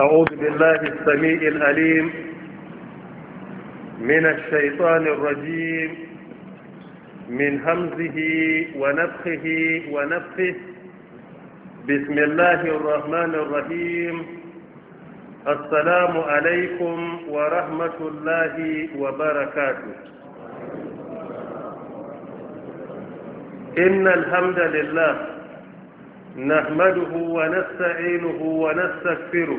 أعوذ بالله السميع الأليم من الشيطان الرجيم من همزه ونفخه ونفخه بسم الله الرحمن الرحيم السلام عليكم ورحمة الله وبركاته إن الحمد لله نحمده ونستعينه ونستغفره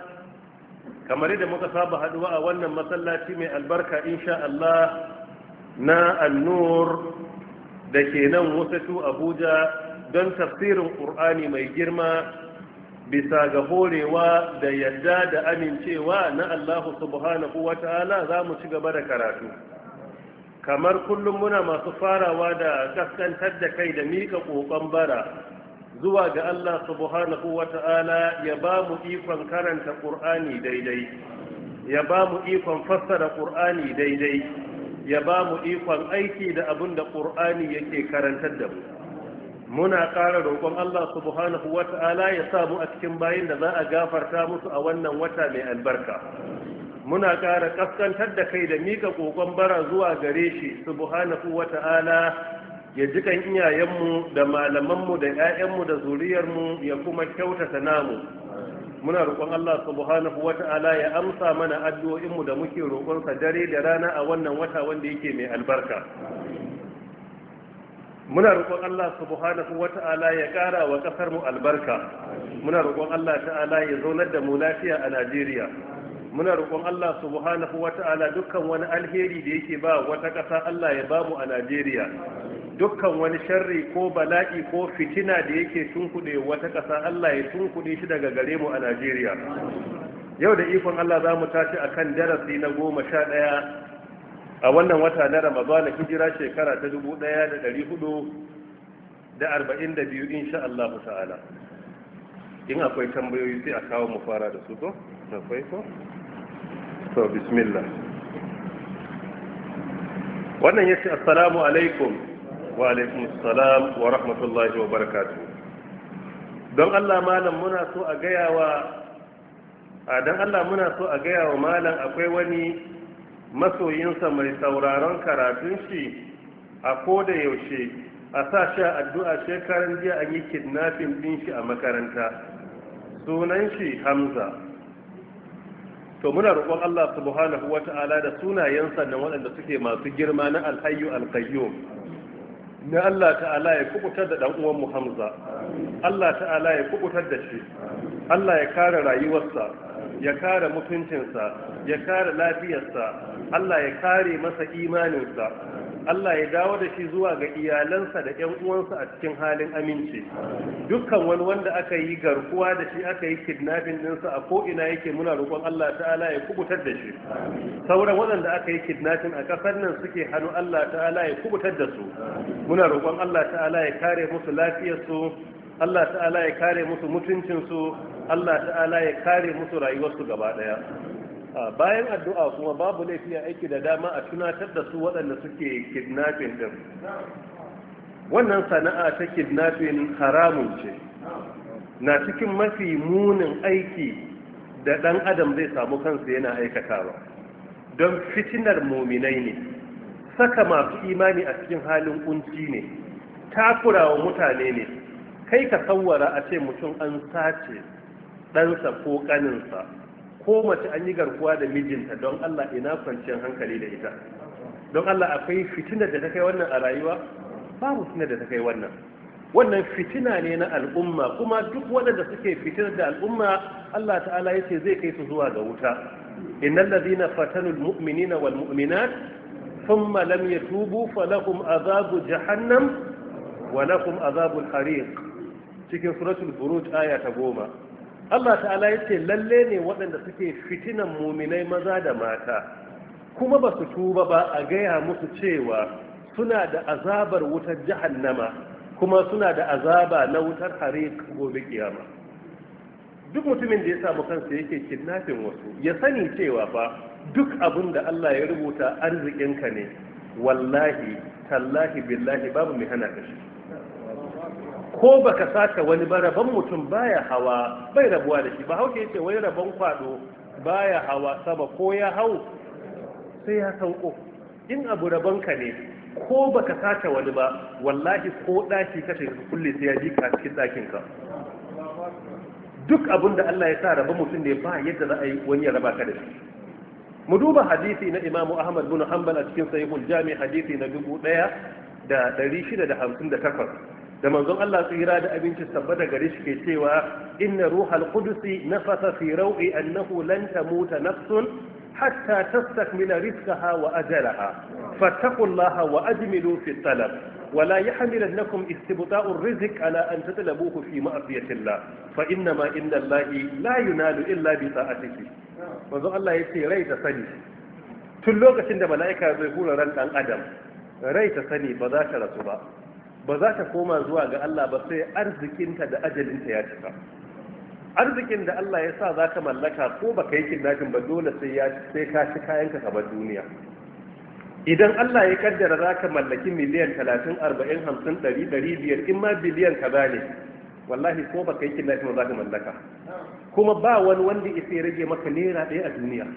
kamar yadda muka saba haduwa a wannan masallaci mai albarka insha Allah na annur da ke nan wasatu abuja don tafsirin ƙur'ani mai girma bisa ga horewa da yadda da amincewa na allahu subhanahu wa ta'ala za mu ci gaba da karatu kamar kullum muna masu farawa da kaskantar da kai da miƙa ƙoƙon bara zuwa ga Allah subhanahu wa ta'ala ya ba mu ikon karanta ƙur'ani daidai ya ba mu ikon fassara ƙur'ani daidai ya ba mu ikon aiki da abin da ƙur'ani yake karantar da mu muna ƙara roƙon Allah subhanahu wa ta'ala ya samu a cikin bayin da za a gafarta musu a wannan wata mai albarka muna ƙara ƙaskantar da kai da mika ƙoƙon bara zuwa gare shi subhanahu wa ta'ala ya ji kan iyayenmu da malamanmu da 'ya'yanmu da zuriyarmu ya kuma kyautata namu muna roƙon Allah subhanahu wata'ala ya amsa mana addu'o'inmu da muke roƙonsa dare da rana a wannan wata wanda yake mai albarka muna roƙon Allah subhanahu wata'ala ya ƙara wa ƙasar mu albarka muna roƙon Allah ta'ala ya zaunar da mu lafiya a Najeriya muna roƙon Allah subhanahu wata'ala dukkan wani alheri da yake ba wata ƙasa Allah ya bamu a Najeriya dukkan wani sharri ko bala'i ko fitina da yake tunkuɗe wata ƙasa Allah ya tunkuɗe shi daga gare mu a Najeriya yau da ikon Allah za mu tashi a kan darasi na goma sha ɗaya a wannan wata na Ramadana hijira shekara ta dubu ɗaya da ɗari hudu da arba'in da biyu insha Allah ta'ala in akwai tambayoyi sai a kawo mu fara da su akwai ko to bismillah wannan yace assalamu alaikum wa alaikum salam wa rahmatullahi wa barakatuh don Allah malam muna so a gayawa a don Allah muna so a gayawa malam akwai wani masoyinsa mai sauraron karatun shi a ko da yaushe a sa sha addu'a shekaran jiya an yi kidnapping din shi a makaranta sunan shi hamza to muna roƙon Allah subhanahu wata'ala da sunayensa da waɗanda suke masu girma na alhayyu alkayyum na Allah ta'ala ya kubutar da dan uwan Hamza Allah ta'ala ya kubutar da shi Allah ya kare rayuwarsa ya kare mutuncinsa ya kare lafiyarsa Allah ya kare masa imaninsa Allah ya dawo da shi zuwa ga iyalansa da 'yan uwansa a cikin halin aminci dukkan wani wanda aka yi garkuwa da shi aka yi kidnapping ɗinsa a ko'ina ina yake muna roƙon Allah ta'ala ya kubutar da shi sauran waɗanda aka yi kidnapping a ƙasar nan suke hannu Allah ta'ala ya kubutar da su muna roƙon Allah ta'ala ya kare musu lafiyarsu Allah ta'ala ya kare musu mutuncinsu Allah ta'ala ya kare musu rayuwarsu gaba ɗaya bayan addu'a kuma babu laifi a aiki da dama a tunatar da su waɗanda suke kidnapping din wannan sana'a ta kidnapping haramun ce na cikin mafi munin aiki da ɗan adam zai samu kansa yana aikatawa don fitinar muminai ne saka masu imani a cikin halin kunci ne takurawa mutane ne kai ka tsawara a ce mutum an sace ɗansa ko ƙaninsa ko mace an yi garkuwa da mijinta don Allah ina kwanciyar hankali da ita don Allah akwai fitinar da ta kai wannan a rayuwa babu fitinar da ta kai wannan wannan fitina ne na al'umma kuma duk waɗanda suke fitinar da al'umma Allah ta'ala yace zai kai su zuwa ga wuta innal ladina fatanul mu'minina wal mu'minat thumma lam yatubu falahum azabu jahannam wa lahum azabul hariq cikin suratul buruj aya ta goma Allah ta'ala ya ce lalle ne waɗanda suke fitinan muminai maza da mata kuma ba su tuba ba a gaya musu cewa suna da azabar wutar jahannama kuma suna da azaba na wutar hari gobe kiyama duk mutumin da ya samu kansa yake kidnafin wasu ya sani cewa ba duk abin da Allah ya rubuta arzikinka ne wallahi tallahi billahi babu mai hana ka shi ko baka sace wani ba rabon mutum baya hawa bai rabuwa da shi ba hauke yace wani rabon kwado baya hawa sama ko ya hau sai ya sauko in abu rabon ka ne ko baka sace wani ba wallahi ko daki ka kulle sai ya ji ka cikin dakin ka duk abin da Allah ya sa rabon mutum ne ba yadda za a yi wani ya raba ka da shi mu duba hadisi na Imam Ahmad bin Hanbal a cikin Sahihul Jami hadisi na 1658 da manzon Allah su hira da abincin sabba da gare shi ke cewa inna ruhal qudusi nafasa fi rawi annahu lan tamuta nafsun hatta tastakmila rizqaha wa ajalaha fattaqullaha wa ajmilu fi talab ولا يحملنكم استبطاء الرزق على Fa تطلبوه في معصية الله فإنما إن الله لا ينال إلا بطاعته manzo Allah ya ce rai ta sani tun lokacin da mala'ika zai hura ran dan adam rai ta sani ba za ta rasu ba ba za ta koma zuwa ga Allah ba sai arzikinta da ajalinta ya cika arzikin da Allah ya sa za ka mallaka ko ba ka yi kidnafin ba dole sai ya sai ka ci kayanka ka bar duniya idan Allah ya kaddara za ka mallaki miliyan talatin arba'in hamsin ɗari ɗari biyar in ma biliyan ka ne wallahi ko ba ka yi kidnafin ba za ka mallaka kuma ba wani wanda ya sai rage maka naira ɗaya a duniya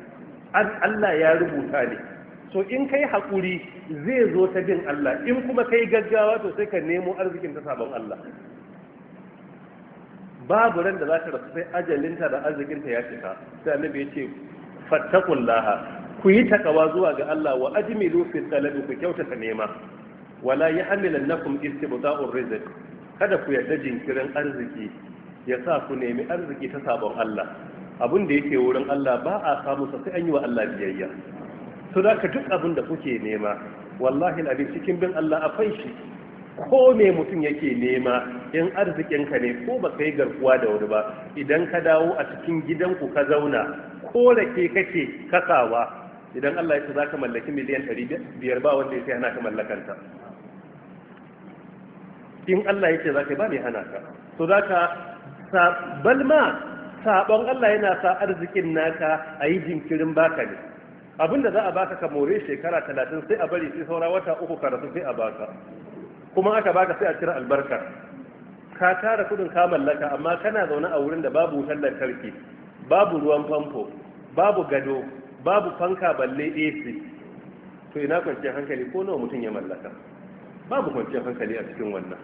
Allah ya rubuta ne to in kai hakuri zai zo ta bin Allah in kuma kai gaggawa to sai ka nemo arzikin ta sabon Allah babu ran da za ta rasu sai ajalinta da arzikinta ya cika sai annabi ya ce fattakullaha ku yi takawa zuwa ga Allah wa ajmilu fi talabi ku kyautata nema wala yahmilannakum istibda'ur rizq kada ku yarda jinkirin arziki ya sa ku nemi arziki ta sabon Allah abin da yake wurin Allah ba a samu sai an yi wa Allah biyayya to da ka duk abin da kuke nema wallahi abin cikin bin Allah fai shi ko me mutum yake nema in arzikinka ne ko ba kai garkuwa da wuri ba idan ka dawo a cikin gidanku ka zauna ko da ke kake kasawa idan Allah ya ce za ka mallaki miliyan 500 ba wanda ya hana ka mallakanta in Allah ya ce za ka ba ne hana ka to za ka balma sabon Allah yana sa arzikin naka a yi jinkirin baka ne abin da za a baka ka more shekara talatin sai a bari sai saura wata uku ka rasu sai a baka kuma aka baka sai a cire albarka ka tara kudin ka mallaka amma kana zaune a wurin da babu wutar lantarki babu ruwan famfo babu gado babu fanka balle ac to ina kwanciyar hankali ko nawa mutum ya mallaka babu kwanciyar hankali a cikin wannan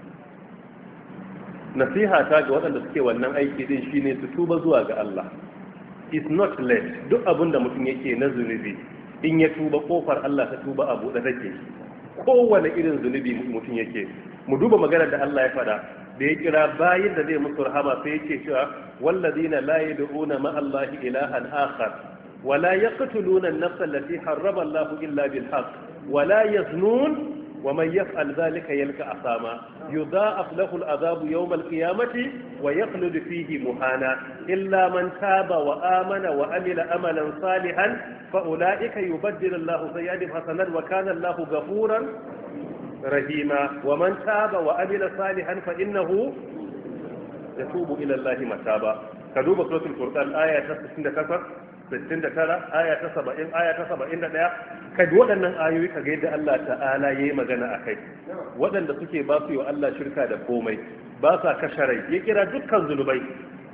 nasiha ta ga waɗanda suke wannan aiki din shine su tuba zuwa ga Allah is not late duk abin da mutum yake na zunubi in ya tuba kofar Allah ta tuba a buɗe take kowane irin zunubi mutum yake mu duba magana da Allah ya fada da ya kira bayin da zai musu rahama sai yake cewa wallazina la yad'una ma Allah ilahan akhar wala la yaqtuluna an-nafsa allati harrama Allah illa bil haqq wala la yaznun wa man yaf'al zalika yalka asama yudha'af lahu al'adabu yawm al-qiyamati wa yakhlud fihi muhana illa man taba wa amana wa amila amalan salihan fa ulaika yubaddilu Allahu sayyi'atihim hasanat wa kana Allahu ghafuran rahima wa man taba wa amila salihan fa innahu yatubu ila Allahi mataba ka duba suratul furqan aya ta 68 69 aya ta 70 aya ta 71 kai waɗannan ayoyi ga yadda Allah ta'ala yayi magana akai waɗanda suke ba su yi wa Allah shirka da komai ba sa kashe rai, ya kira dukkan zulubai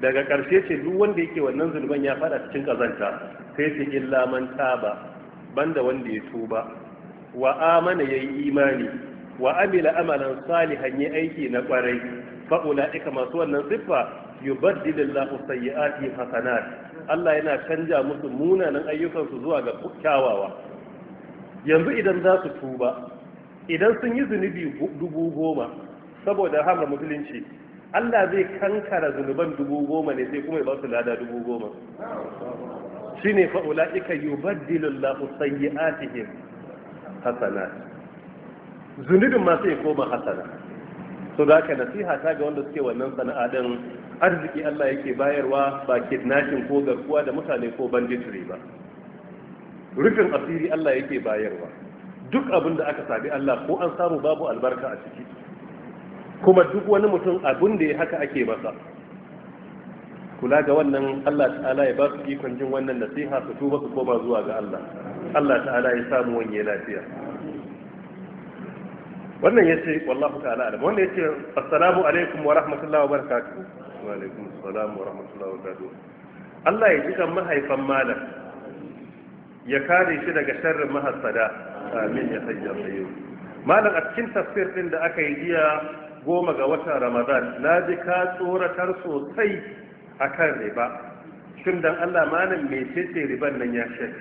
daga ƙarshe ce duk wanda yake wannan zulman ya fada cikin kazanta sai ce illa man taba banda wanda ya tuba wa amana yayi imani wa amila amalan salihan yi aiki na kwarai fa ulaika masu wannan siffa yubaddilu Allahu sayyi'ati hasanat Allah yana canja musu munanan ayyukansu zuwa ga kyawawa yanzu idan za su tuba idan sun yi zunubi dubu goma saboda hamar musulunci Allah zai kankara zunuban dubu goma ne sai kuma ya ba su lada dubu goma shi ne fa'ula ika yi baddilin lafusayi atihim hasana zunubin masu ya koma hasana su za ka nasiha ta ga wanda suke wannan sana'a arziki Allah yake bayarwa ba kidnashin ko garkuwa da mutane ko banditry ba rufin asiri Allah yake bayarwa duk abin da aka sabi Allah ko an samu babu albarka a ciki kuma duk wani mutum abin da ya haka ake masa kula ga wannan Allah ta'ala ya ba su ikon jin wannan nasiha su tuba su koma zuwa ga Allah Allah ta'ala ya samu wanye lafiya wannan yace wallahu ta'ala alam wannan yace assalamu alaikum wa rahmatullahi wa barakatuh wa salam wa rahmatullahi wa Allah ya jikan mahaifan malam ya kare shi daga sharrin mahassada amin ya hayya yau, malam a cikin tafsir din da aka yi jiya goma ga watan ramadan na ji ka tsoratar sosai akan riba shin dan Allah malam ce riban nan ya shek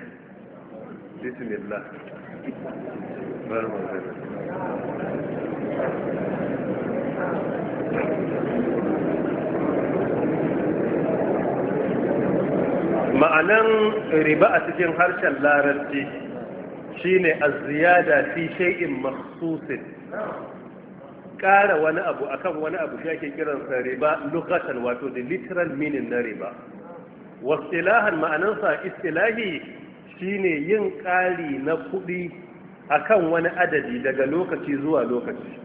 bismillah ma'anan riba a cikin harshen larabci shine az-ziyada fi shay'in makhsusin ƙara wani abu akan wani abu shi ake kiransa riba lokacin wato the literal meaning na riba wasilahan ma'anansa istilahi shine yin ƙari na kuɗi akan wani adadi daga lokaci zuwa lokaci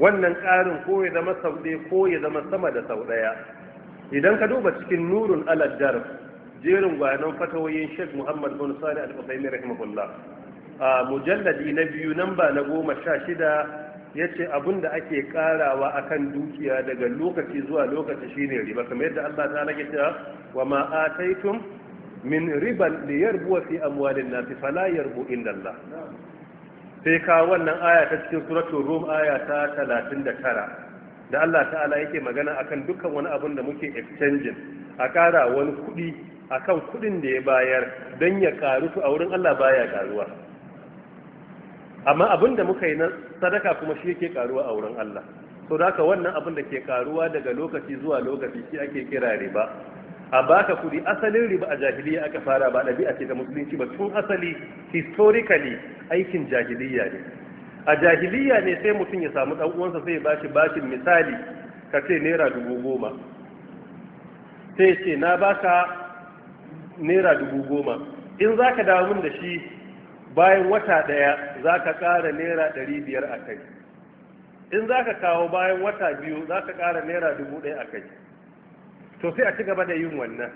wannan ƙarin ko ya zama sau ɗaya ko ya zama sama da sau ɗaya idan ka duba cikin nurun aladdar jerin gwanon fatawoyin sheikh muhammad bin sani al-usaimi rahimahullah a mujalladi na biyu namba na goma sha shida ya ce abin da ake karawa akan dukiya daga lokaci zuwa lokaci shine riba kamar yadda allah ta nake cewa wa ma ataitum min riban li yarbu fi amwalin fa la yarbu inda allah sai ka wannan aya ta cikin suratul rum aya ta 39 da Allah ta'ala yake magana akan dukkan wani abun da muke exchanging a kara wani kuɗi akan kuɗin da ya bayar don ya karu su a wurin Allah baya karuwa amma abun da muka yi na sadaka kuma shi yake karuwa a wurin Allah so da wannan abun da ke karuwa daga lokaci zuwa lokaci shi ake kira riba a baka kudi asalin riba a jahiliya aka fara ba ɗabi'a ce ta musulunci ba tun asali historically aikin jahiliya ne a jahiliya ne sai mutum ya samu dan uwansa sai ba shi bashin misali ka ce naira dubu goma sai ce na baka naira dubu goma in za ka dawo min da shi bayan wata ɗaya za ka ƙara naira ɗari biyar a kai in za ka kawo bayan wata biyu za ka ƙara naira dubu ɗaya a kai to sai a ci gaba da yin wannan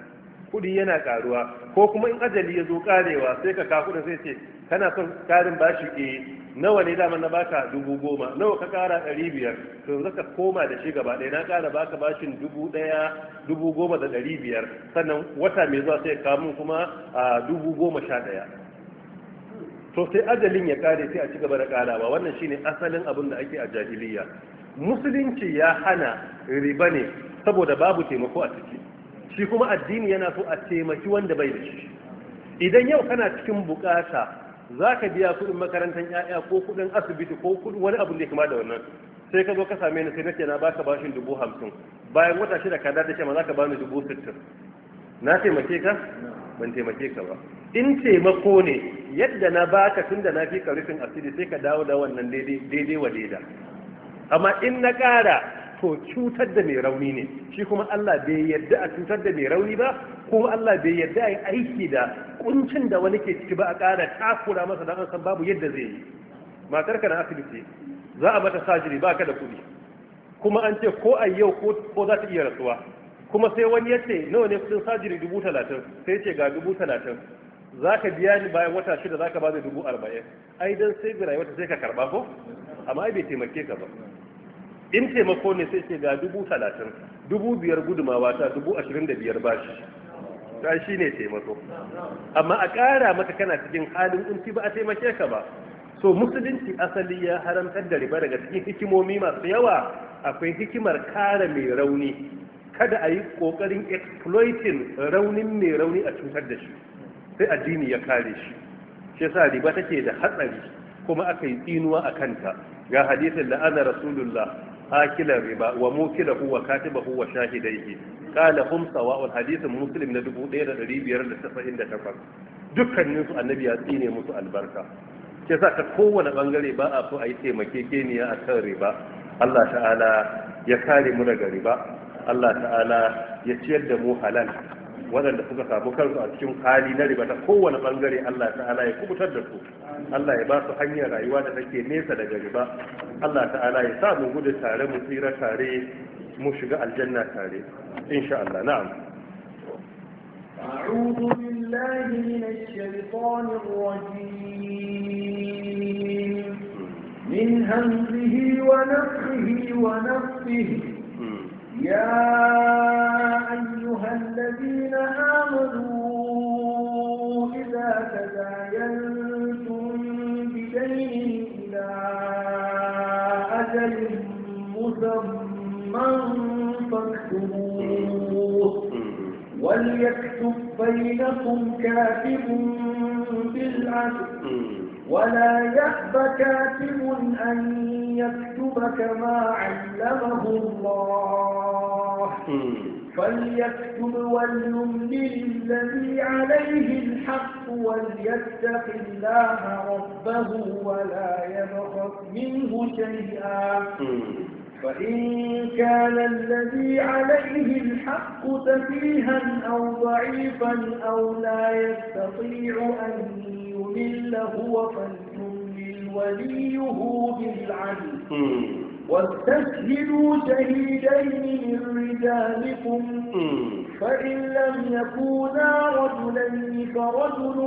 kuɗi yana ƙaruwa ko kuma in ajali ya zo ƙarewa sai ka kawo kuɗin sai ce kana son ƙarin bashi eh nawa ne dama na baka dubu goma nawa ka kara ɗari biyar to yanzu ka koma da shi gaba ɗaya na kara baka bashin dubu ɗaya dubu goma da ɗari biyar sannan wata mai zuwa sai min kuma a dubu goma sha ɗaya to sai ajalin ya kare sai a ci gaba da karawa wannan shine asalin abin da ake a jahiliya musulunci ya hana riba ne saboda babu taimako a ciki shi kuma addini yana so a taimaki wanda bai da shi idan yau kana cikin bukata za ka biya kuɗin makarantar 'ya'ya ko kuɗin asibiti ko kuɗin wani abu da ya kama da wannan sai ka zo ka same ni sai nake na baka bashin dubu hamsin bayan wata shida ka dace ma za ka bani dubu sittin na taimake ka ban taimake ka ba in taimako ne yadda na baka tun da na fi karfin asiri sai ka dawo da wannan daidai wa daida amma in na kara to cutar da mai rauni ne shi kuma Allah bai yadda a cutar da mai rauni ba kuma Allah bai yarda ya aiki da kuncin da wani ke ciki ba a ƙara takura masa da san babu yadda zai yi matar ka na asibiti za a mata sajiri ba ka da kuɗi kuma an ce ko a yau ko za ta iya rasuwa kuma sai wani ya ce nawa ne kuɗin sajiri dubu talatin sai ce ga dubu talatin za ka biya ni bayan wata shida za ka ba da dubu arba'in ai dan sai bi rayuwa sai ka karɓa ko amma ai bai taimake ka ba in taimako ne sai ce ga dubu talatin dubu biyar gudumawa ta dubu ashirin da biyar bashi ta shi ne taimako amma a ƙara maka kana cikin halin kunci ba a taimake ka ba so musulunci asali ya haramtar da riba daga cikin hikimomi masu yawa akwai hikimar kare mai rauni kada a yi ƙoƙarin exploiting raunin mai rauni a cutar da shi sai addini ya kare shi shi yasa riba take da hatsari kuma aka yi tsinuwa a kanta ga hadisin la'ana rasulullah akila riba wa mukilahu wa katibahu wa shahidaihi qala hum sawa'un hadisin muslim na 1598 dukkanin su annabi ya tsine musu albarka ke sa ta kowane bangare ba a so a yi taimakekeniya a kan riba Allah ta'ala ya kare mu daga riba Allah ta'ala ya ciyar da mu halal waɗanda suka samu kansu a cikin hali na riba ta kowane bangare Allah ta'ala ya kubutar da su Allah ya ba su hanyar rayuwa da take nesa daga riba Allah ta'ala ya sa mu gudu tare mu tsira tare mu الجنة هذه إن شاء الله نعم أعوذ بالله من الشيطان الرجيم من همزه ونفخه ونفخه يا أيها الذين آمنوا إذا تداينتم فاكتبوه وليكتب بينكم كاتب بالعدل ولا يأب كاتب أن يكتب كما علمه الله فليكتب وليملل الذي عليه الحق وليتق الله ربه ولا يبغض منه شيئا فإن كان الذي عليه الحق تفيها أو ضعيفا أو لا يستطيع أن يمل هو فليملل وليه بالعدل واستشهدوا شهيدين من رجالكم فإن لم يكونا رجلين فرجل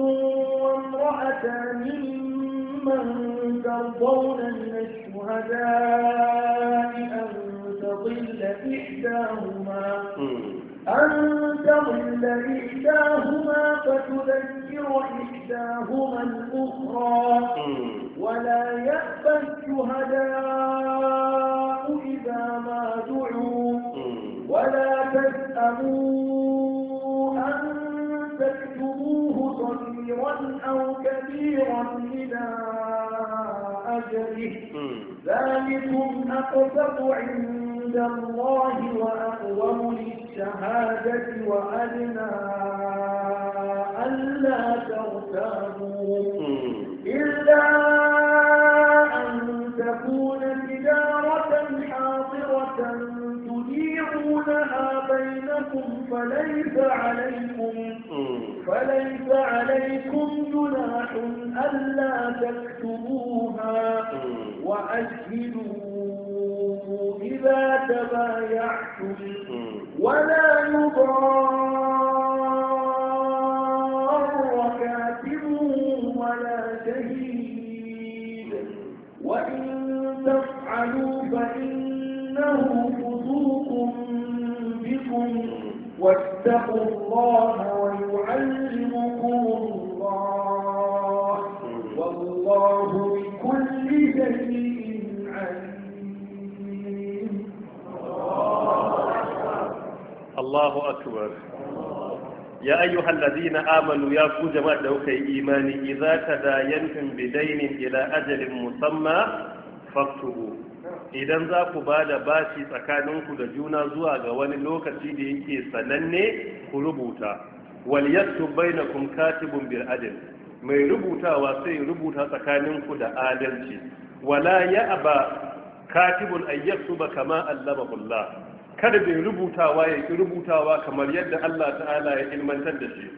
وامرأتان ممن ترضون من الشهداء أن تضل إحداهما أن تضل إحداهما فتذكر إحداهما الأخرى ولا يأبى الشهداء إذا ما دعوا ولا تسأمون أو كبيرا إلى أجله ذلكم أقسط عند الله وأقوم للشهادة وأدنى ألا ترتابوا إلا لكم فليس عليكم فليس عليكم جناح ألا تكتبوها وأشهدوا إذا تبايعتم ولا يضار كاتب ولا شهيد وإن تفعلوا فإن واتقوا الله ويعلمكم الله والله بكل شيء عليم الله أكبر يا أيها الذين آمنوا يا جماعة دوكي إيماني إذا تداينتم بدين إلى أجل مسمى فاكتبوه idan za ku ba da bashi tsakaninku da juna zuwa ga wani lokaci da yake sananne ku rubuta wal yaktub bainakum katibun bil adl mai rubutawa sai rubuta tsakaninku da adalci wala ya'ba katibun an ba kama allamahu Allah kada bai rubutawa ya ki rubutawa kamar yadda Allah ta'ala ya ilmantar da shi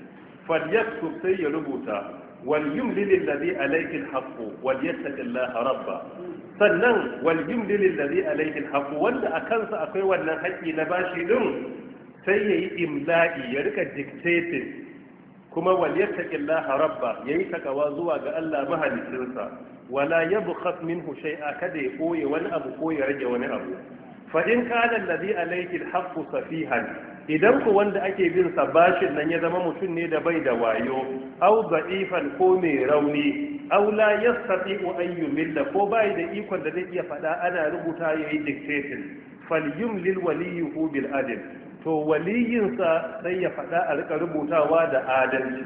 fal yaktub sai ya rubuta وليملل الذي عليه الحق وليتق الله ربه sannan waljim lilin da zai wanda a kansa akwai wannan haƙƙi na bashi din sai ya yi imla'i ya rika dictating kuma waliyattakin rabba ya yi takawa zuwa ga Allah mahalicinsa wala ya bukhas min shay'a kada ya ɓoye wani abu ko ya rage wani abu fa in kana alladhi alayhi alhaqqu safihan idan ku wanda ake bin sa bashin nan ya zama mutum ne da bai da wayo au da'ifan ko mai rauni au la yastati'u an yumilla ko bai da ikon da zai iya fada ana rubuta yayi dictation lil waliyuhu bil adl to waliyyinsa sai ya fada a rika rubutawa da adalci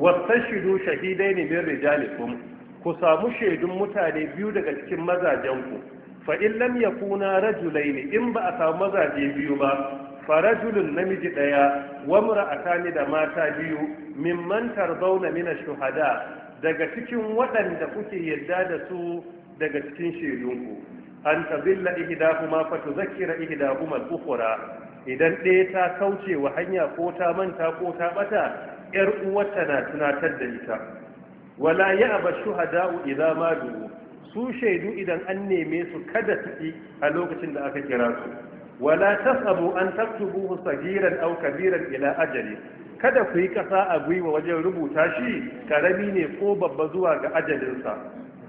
wastashidu shahidaini min rijalikum ku samu shaidun mutane biyu daga cikin mazajen ku fa in lam yakuna rajulaini in ba a samu mazaje biyu ba farajulun namiji ɗaya wa mura'atani da mata biyu mimman tarzauna mina shuhada daga cikin waɗanda kuke yadda da su daga cikin shedunku an tazilla ihdahuma fa tuzakkira da al-ukhra idan ɗaya ta kauce wa hanya ko ta manta ko ta ɓata, yar uwarta na tunatar da ita wala ya'ba shuhada'u idza ma su shaidu idan an neme su kada su a lokacin da aka kira su wala tasabu an taktubuhu sagiran aw kabiran ila ajali kada ku yi kasa a gwiwa wajen rubuta shi ƙarami ne ko babba zuwa ga ajalinsa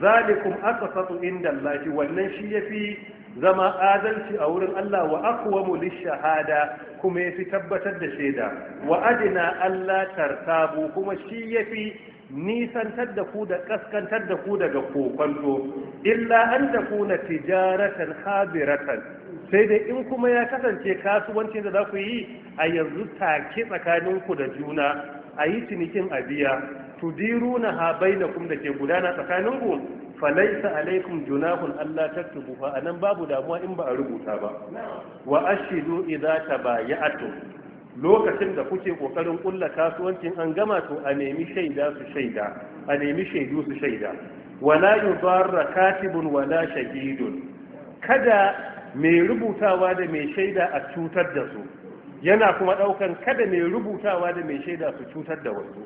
zalikum aqsatu inda Allah wannan shi yafi zama adalci a wurin Allah wa aqwamu shahada kuma yafi tabbatar da shaida wa adina Allah tartabu kuma shi yafi nisantar da ku da kaskantar da ku daga kokonto illa an na tijaratan habiratan sai dai in kuma ya kasance kasuwancin da za ku yi a yanzu take tsakaninku da juna a yi cinikin a biya tudiruna na bainakum da ke gudana tsakaninku falaisa alaikum junahun Allah taktubu fa nan babu damuwa in ba a rubuta ba wa ashidu idza tabaya'tum lokacin da kuke kokarin ƙulla kasuwancin an gama to a nemi shaida su shaida a nemi shaidu su shaida wala yudarra katibun wala shahidun kada mai rubutawa da mai shaida a cutar da su yana kuma ɗaukan kada mai rubutawa da mai shaida su cutar da wasu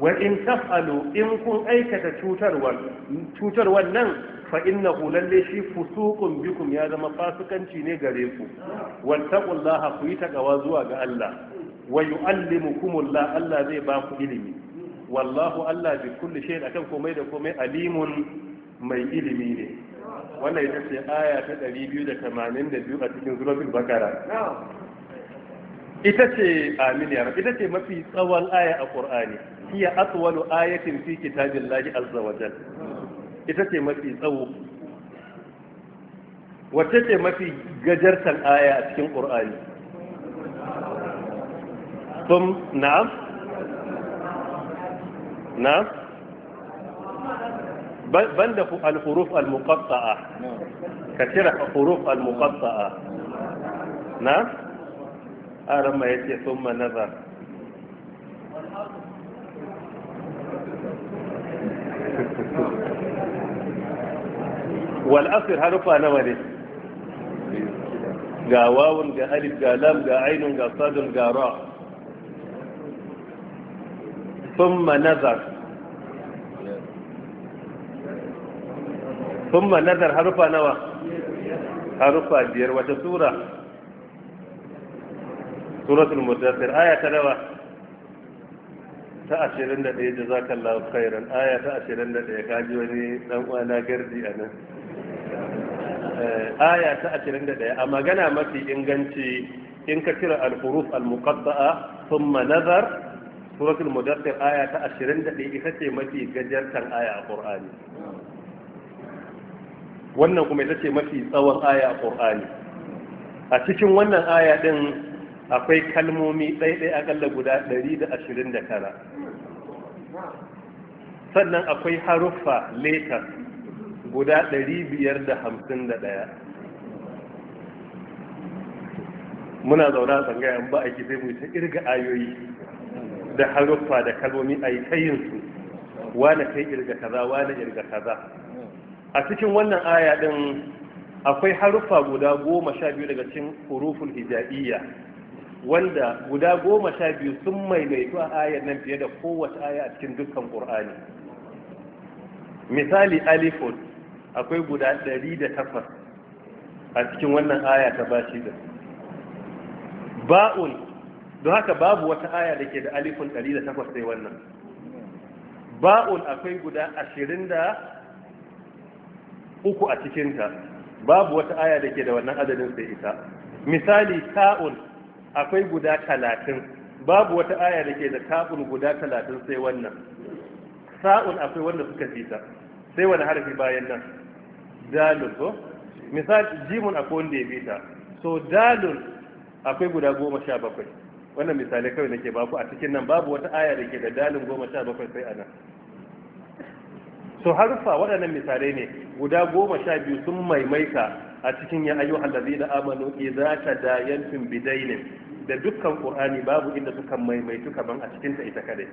wa in taf'alu in kun aikata cutarwar cutarwar nan fa innahu lalle shi fusuqun bikum ya zama fasukanci ne gare ku wattaqullaha ku yi takawa zuwa ga Allah wa kumulla Allah zai ba ku ilimi wallahu Allah bi kulli shay'in akan komai da komai alimun mai ilimi ne wannan ita ce aya ta 282 a cikin zurofin bakara ita ce amin ya ita ce mafi tsawon aya a qur'ani hiya atwalu ayatin fi kitabillahi azza wa jal ita ce mafi tsawo wacce ce mafi gajartan aya a cikin ƙur'ani? tum na'am na'am بند الحروف المقطعة كثير الحروف المقطعة نعم أرمى يتي ثم نظر والأصل حروف أنا ولد جا واو جا ألف جا لام جا عين جا صاد جا راء ثم نظر thumma nazar harufa nawa harufa biyar wata sura suratul mudaththir aya ta nawa ta 21 jazakallahu khairan aya ta 21 kaji wani dan uwana gardi anan eh, aya ta 21 a magana mafi inganci in ka kira al-huruf al-muqatta'a thumma nazar suratul mudaththir aya ta 21 ita ce mafi gajartan aya a qur'ani wannan kuma ita ce mafi tsawon aya a ƙur'ani a cikin wannan aya ɗin akwai kalmomi ɗaiɗai aƙalla guda 129 sannan akwai haruffa letter guda 551 muna zaune a tsangayen ba a sai mu ta kirga ayoyi da haruffa da kalmomi a yi ta wane kai kirga kaza wane kirga kaza a cikin wannan aya din akwai haruffa guda goma sha biyu daga cikin huruful hijabiyya wanda guda goma sha biyu sun maimaitu a ayar nan fiye da kowace aya a cikin dukkan ƙur'ani misali alifun akwai guda ɗari da takwas a cikin wannan aya ta shi da ba'un don haka babu wata aya da ke da alifun ɗari da takwas sai wannan ba'un akwai guda ashirin da uku a cikinta babu wata aya da ke da wannan adadin sai ita misali ta'un akwai guda talatin babu wata aya da ke da ta'un guda talatin sai wannan sa'un akwai wanda suka fita sai wani harfi bayan nan dalun ko misali jimun akwai wanda ya fita so dalun akwai guda goma sha bakwai wannan misali kawai nake baku a cikin nan babu wata aya da ke da dalin goma sha bakwai sai anan to harfa waɗannan misalai ne guda goma sha biyu sun maimaita a cikin ya ayyuhal da amanu idza tadayantum bidainin da dukkan qur'ani babu inda suka maimaitu kaman a cikin ta ita kadai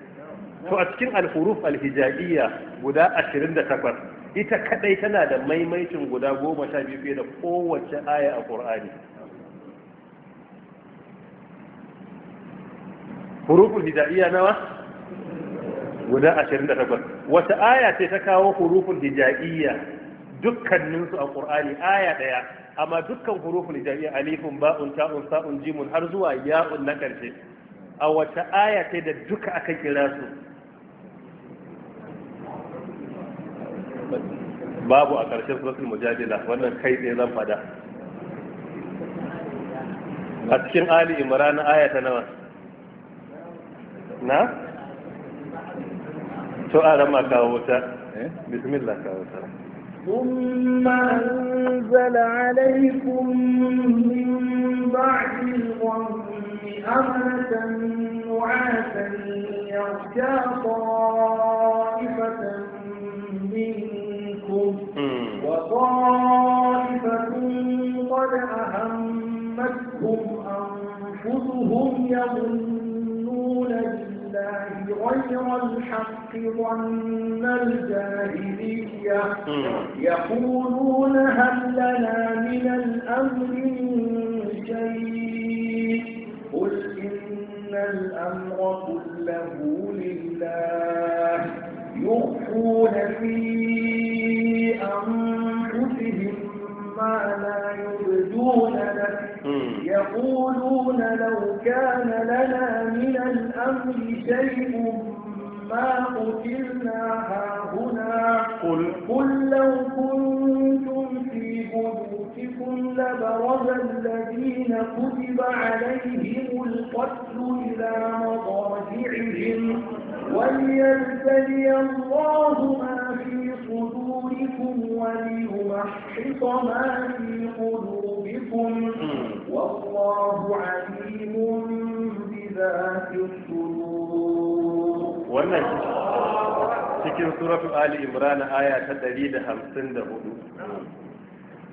to a cikin al-huruf al-hijaiyya guda 28 ita kadai tana da maimaitin guda goma sha biyu da kowace aya a ƙur'ani huruful hijaiyya nawa guda 28 wata aya ce ta kawo huruful hijaiyya dukkanin su a qur'ani aya daya amma dukkan huruful hijaiyya alifun ba'un ta'un sa'un jimun har zuwa ya'un na karshe a wata aya ce da duka aka kira su babu a ƙarshen suratul mujadila wannan kai tsaye zan fada a cikin ali imran aya ta nawa na سؤال ما كاوسا إيه؟ بسم الله كاوسا ثم أنزل عليكم من بعد الغم أمنة نعاسا يغشى طائفة منكم وطائفة قد أهمتهم أنفسهم يظنون بالله غير الحق ظن الجاهلية يقولون هل لنا من الأمر شيء قل إن الأمر كله لله يخفون في أنفسهم ما لا يبدون لك يقولون لو كان لنا من الأمر شيء ما قتلنا هاهنا قل, قل لو كنتم في بيوتكم لبرز الذين كتب عليهم القتل إلى مضاجعهم وليبتلي الله ما في صدوركم وليمحص ما في قلوبكم والله عليم بذات الصدور wannan cikin suratu ali imran aya ta 154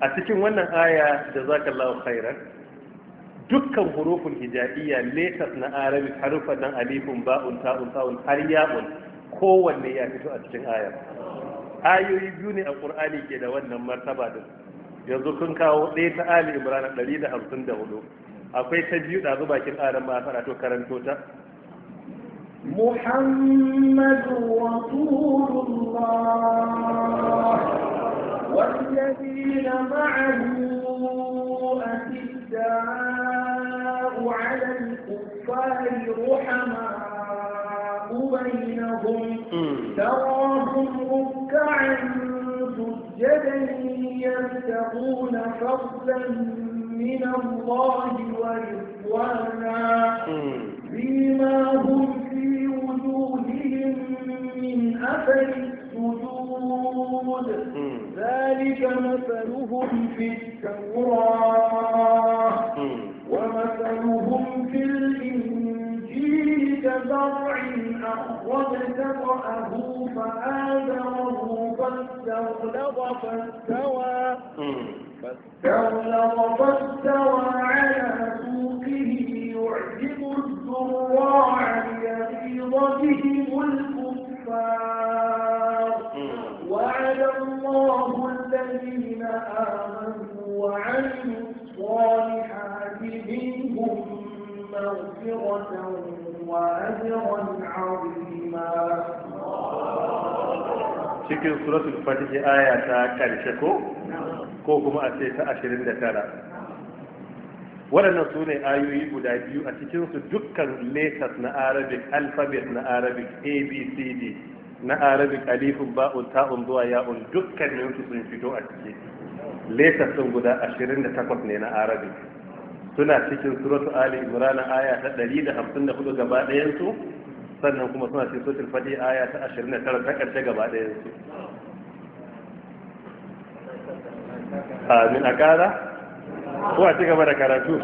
a cikin wannan aya jazakallahu khairan dukkan hurufun hijaiya latest na arabic harufa nan alifun ba'un ta'un ta'un har ya'un kowanne ya fito a cikin ayar ayoyi biyu ne a qur'ani ke da wannan martaba din yanzu kun kawo ɗaya ta ali imran 154 akwai ta biyu da zubakin aran ma fara to karanto ta محمد رسول الله والذين معه أشداء على الكفار رحماء بينهم تراهم ركعا سجدا يبتغون فضلا من الله ورضوانا فيما هم من أثر السجود ذلك مثلهم في التوراة ومثلهم في الإنجيل كزرع أخرج سطأه فآذره فاستغلظ فاستوى فاستغلظ فاستوى على سوقه يعجب الزراع ليغيظ بهم الكفار الكفار وعلى الله الذين آمنوا وعملوا الصالحات منهم مغفرة وأجرا عظيما cikin suratul fatih aya ta karshe ko ko kuma a ce ta 29 waɗannan su ne ayoyi guda biyu a cikinsu dukkan letters na arabic alphabet na arabic abcd na arabic alifun ba'un ta'un zuwa ya'un ne su sun fito a ciki letters sun guda 28 ne na arabic suna cikin suratu ali imran aya ta 154 gaba ɗayansu. su sannan kuma suna cikin suratul fadi aya ta 29 ta ƙarshe gaba ɗayansu. su amin a ƙara ko a ci gaba da karatu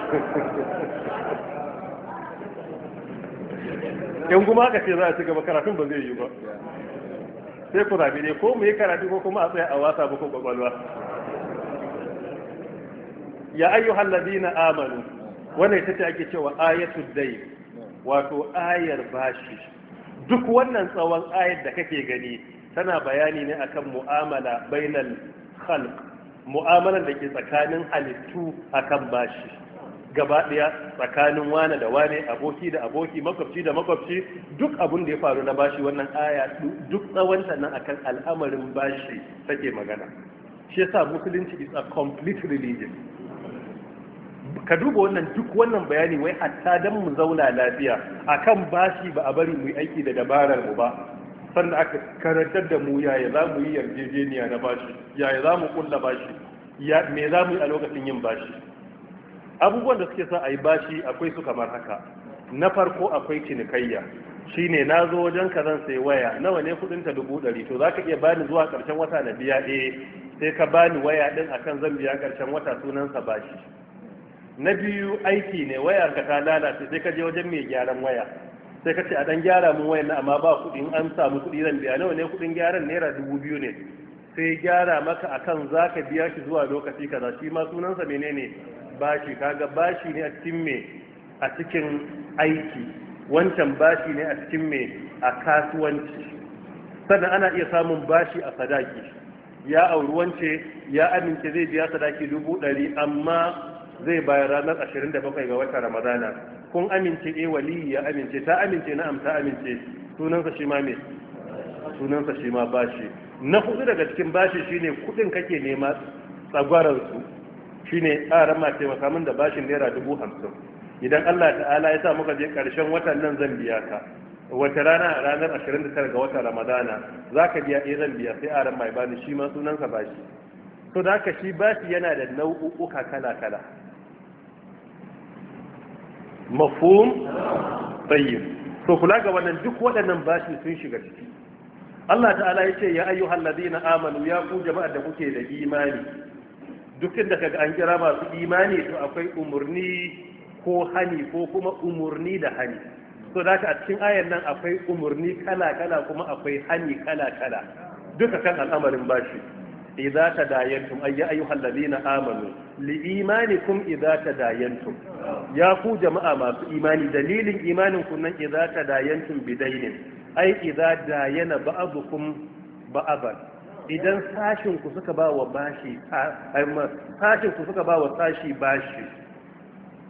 in kuma aka ce za a ci gaba karatun ba zai yi ba sai ku zabi ne ko mu yi karatu ko kuma a tsaya a wasa ba ko kwakwalwa ya hallabi na amanu wannan ita ce ake cewa ayatu dai wato ayar bashi duk wannan tsawon ayar da kake gani tana bayani ne akan mu'amala bainal khalq mu'amalar da ke tsakanin halittu akan bashi gaba ɗaya tsakanin wane da wane aboki da aboki makwabci da makwabci duk abin da ya faru na bashi wannan aya duk tsawonta a akan al'amarin bashi take magana shi yasa musulunci is a complete religion ka duba wannan duk wannan bayani wai hatta don mu zauna lafiya akan bashi ba a bari mu yi aiki da dabarar mu ba sanda aka karantar da mu yaya za mu yi yarjejeniya na bashi yaya za mu kulla bashi me za mu yi a lokacin yin bashi abubuwan da suke sa a yi bashi akwai su kamar haka na farko akwai cinikayya shine na zo wajen ka zan sai waya nawa ne kudin ta dubu ɗari to za ka iya bani zuwa karshen wata na biya eh sai ka bani waya ɗin akan zan biya ƙarshen wata sunansa bashi na biyu aiki ne wayar ka ta lalace sai ka je wajen mai gyaran waya sai ka ce a dan gyara mun wayan amma ba kuɗi in an samu kuɗi zan biya nawa ne kuɗin gyaran naira dubu biyu ne sai gyara maka akan zaka biya shi zuwa lokaci kaza shi ma sunansa menene bashi kaga bashi ne a cikin me a cikin aiki wancan bashi ne a cikin me a kasuwanci sannan ana iya samun bashi a sadaki ya auri wance ya amince zai biya sadaki dubu ɗari amma zai bayar ranar 27 ga watan ramadana kun amince eh waliyi ya amince ta amince na'am ta amince sunansa shi ma me sunansa shi ma bashi na hudu daga cikin bashi shine kudin kake nema tsagwarar su shine tsaran ma taimaka min da bashin naira dubu hamsin idan Allah ta'ala ya sa muka je karshen watan nan zan biya ka wata rana ranar 29 ga watan ramadana za ka biya eh zan biya sai aran mai bani shi ma sunansa bashi to da haka shi bashi yana da nau'uka kala kala mafhum tayyib to kula ga wannan duk waɗannan bashi sun shiga ciki Allah ta'ala ya ce ya ayyuhal ladina amanu ya ku jama'a da kuke da imani duk inda kaga an kira masu imani to akwai umurni ko hani ko kuma umurni da hani so da a cikin ayan nan akwai umurni kala kala kuma akwai hani kala kala duka kan al'amarin bashi idza tadayantum ayya ayyuhal ladina amanu li imanikum idza tadayantum ya ku jama'a masu imani dalilin imanin ku nan idza tadayantum bidainin ai idza dayana idan sashin ku suka ba wa bashi sashin ku suka ba wa sashi bashi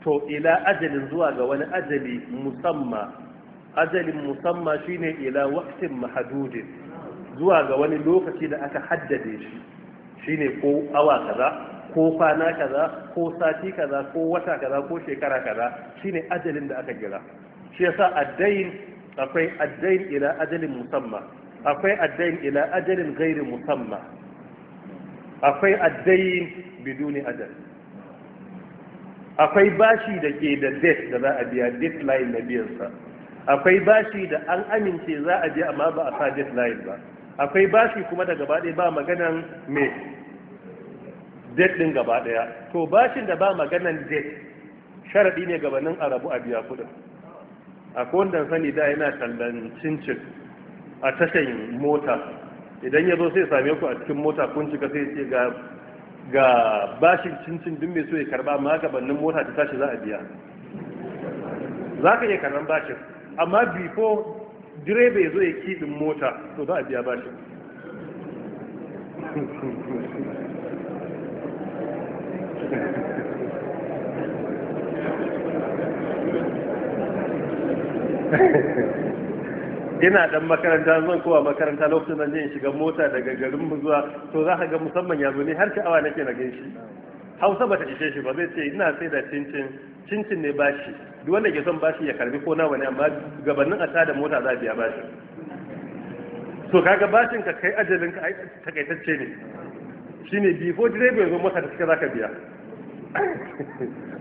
to ila ajalin zuwa ga wani ajali musamma ajalin musamma shine ila waqtin mahdudin zuwa ga wani lokaci da aka haddade shi shine ko awa kaza ko kwana kaza ko sati kaza ko wata kaza ko shekara kaza shine ajalin da aka gira shi yasa addain akwai addain ila ajalin musamma akwai addain ila ajalin gairi musamma akwai addain biduni ajal akwai bashi da ke da date da za a biya deadline na biyansa akwai bashi da an amince za a biya amma ba a sa deadline ba akwai bashi kuma da gaba ɗaya ba maganan me det din gaba daya to bashin da ba maganan det sharadi ne gabanin arabu a biya kudin a wanda sani da yana tallan cincin a tashan mota idan ya zo sai same ku a cikin mota kun cika sai ce ga ga bashin cincin duk mai so ya karba amma gabanin mota ta tashi za a biya za ka iya karban bashin amma bifo direba ya zo ya kiɗin mota to za a biya bashin ina dan makaranta zan kowa makaranta lokacin da in shiga mota daga garin mu zuwa to za ka ga musamman yazo ne har sha'awa nake na gaishe hausa ba ta ishe shi ba zai ce ina sai da cincin cincin ne bashi duk wanda ke son bashi ya karbi ko nawa ne amma gabanin a tada mota za biya bashi to kaga bashin ka kai ajalin ka takaitacce ne shine before direba ya zo mota da suka zaka biya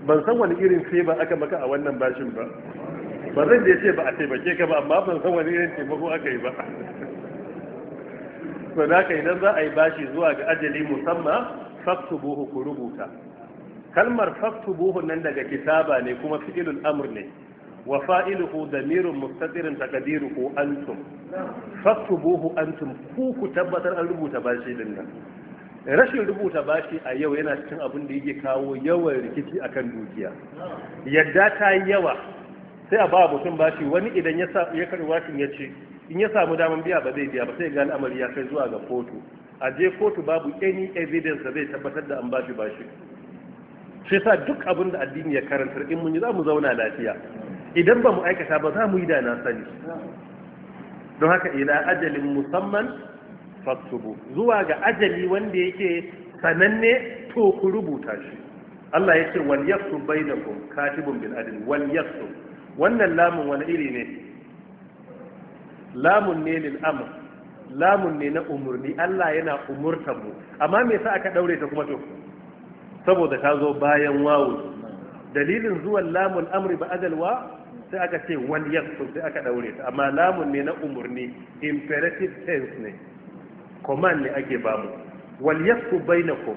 ban san wani irin ba aka maka a wannan bashin ba ba zan da ya ce ba a taimake ka ba amma ban san wani irin taimako aka yi ba ba na haka idan za a yi bashi zuwa ga ajali musamman Fakta-Buhu ku rubuta kalmar Fakta-Buhu nan daga kitaba ne kuma fi'ilul amr ne wa fa'iluhu damirun mustatirin ku antum buhu antum ku ku tabbatar an rubuta bashi din nan rashin rubuta bashi a yau yana cikin abin da yake kawo yawan rikici a kan dukiya yadda ta yi yawa sai a ba mutum bashi wani idan ya karbi bashin ya ce in ya samu daman biya ba zai biya ba sai ga al'amari ya kai zuwa ga kotu a je kotu babu any evidence da zai tabbatar da an bashi bashi shi sa duk abin da addini ya karantar in mun yi za mu zauna lafiya idan ba mu aikata ba za mu yi da na sani don haka ina ajalin musamman faktubu zuwa ga ajali wanda yake sananne to ku rubuta shi Allah ya ce wal yaktub bainakum katibun bil adl wal yaktub wannan lamun wani iri ne lamun ne lil amr lamun ne na umurni Allah yana umurtar mu amma me yasa aka daure ta kuma to saboda ta zo bayan wawu dalilin zuwan lamun amri ba adalwa sai aka ce wal yaktub sai aka daure ta amma lamun ne na umurni imperative tense ne command ne ake bamu wal yaktub bainakum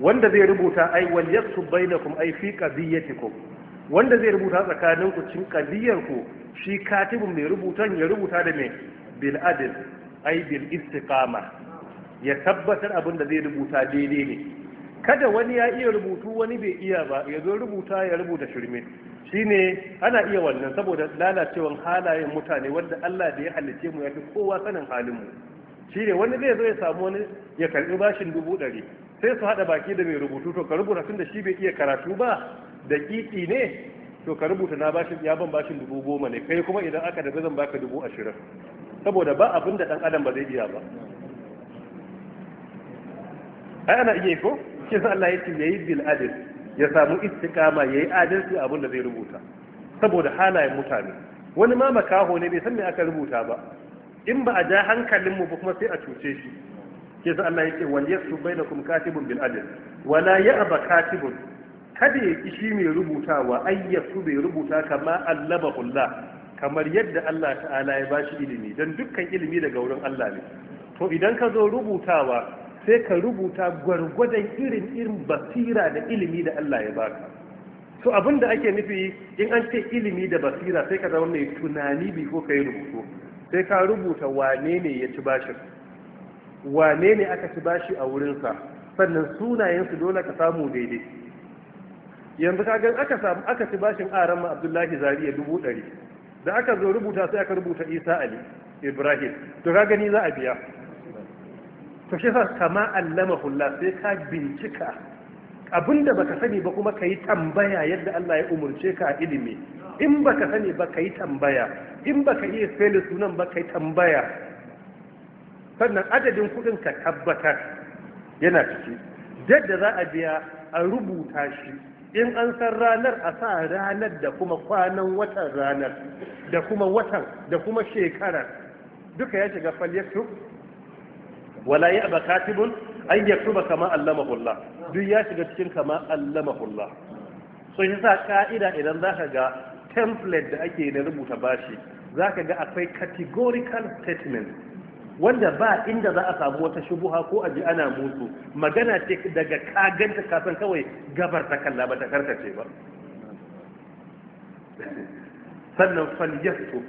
wanda zai rubuta ai wal yaktub bainakum ai fi qadiyatikum wanda zai rubuta tsakanin ku cin qadiyar ku shi katibun mai rubutan ya rubuta da me bil adl ai bil istiqama ya tabbatar abin da zai rubuta daidai ne kada wani ya iya rubutu wani bai iya ba ya zo rubuta ya rubuta shirme shine ana iya wannan saboda lalacewan halayen mutane wanda Allah da ya halice mu ya fi kowa sanin halin mu Shi ne wani zai zo ya samu wani ya karbi bashin dubu ɗari sai su haɗa baki da mai rubutu to ka rubuta tun da shi bai iya karatu ba da ƙiƙi ne to ka rubuta na bashin ya ban bashin dubu goma ne kai kuma idan aka daga zan baka dubu ashirin saboda ba abin da ɗan adam ba zai iya ba ai ana iya ko shi sa Allah ya ce yayi bil adil ya samu istiqama yayi adalci abin da zai rubuta saboda halayen mutane wani ma makaho ne bai san me aka rubuta ba in ba a ja hankalin mu ba kuma sai a cuce shi ke sa Allah yake wal yasu bainakum katibun bil adl wala ya'ba katibun kada ya kishi mai rubutawa ayyasu bai rubuta kama allaba kullah kamar yadda Allah ta'ala ya bashi ilimi dan dukkan ilimi daga wurin Allah ne to idan ka zo rubutawa sai ka rubuta gwargwadon irin irin basira da ilimi da Allah ya baka so abin da ake nufi in an ce ilimi da basira sai ka zama mai tunani bi ko ka yi rubutu sai ka rubuta wane ne ya ci bashin wane ne aka ci bashi a wurinsa sannan sunayensu dole ka samu daidai yanzu ka gan aka ci bashin aran ma abdullahi zariya dubu ɗari da aka zo rubuta sai aka rubuta isa ali ibrahim to ka gani za a biya to shi sa kama allama hula sai ka bincika abinda baka sani ba kuma ka yi tambaya yadda allah ya umarce ka a ilimi in ba ka sani ba ka yi tambaya in ba ka iya fela sunan ba ka yi tambaya sannan adadin kudin ka tabbatar yana ciki da za a biya a rubuta shi in an san ranar a sa ranar da kuma kwanan watan ranar da kuma watan da kuma shekarar duka ya shiga falyaktub wala ya ba katibun an yaktuba kama hulla. duk ya shiga cikin kama Sun so yasa ka'ida idan za ka ga template da ake da rubuta bashi za ka ga akwai categorical statement wanda ba inda za a samu wata shubuha ko aji ana mutu magana ce daga kaganta kasan kawai gabar ta kalla ba ta karkace ba sannan falyasto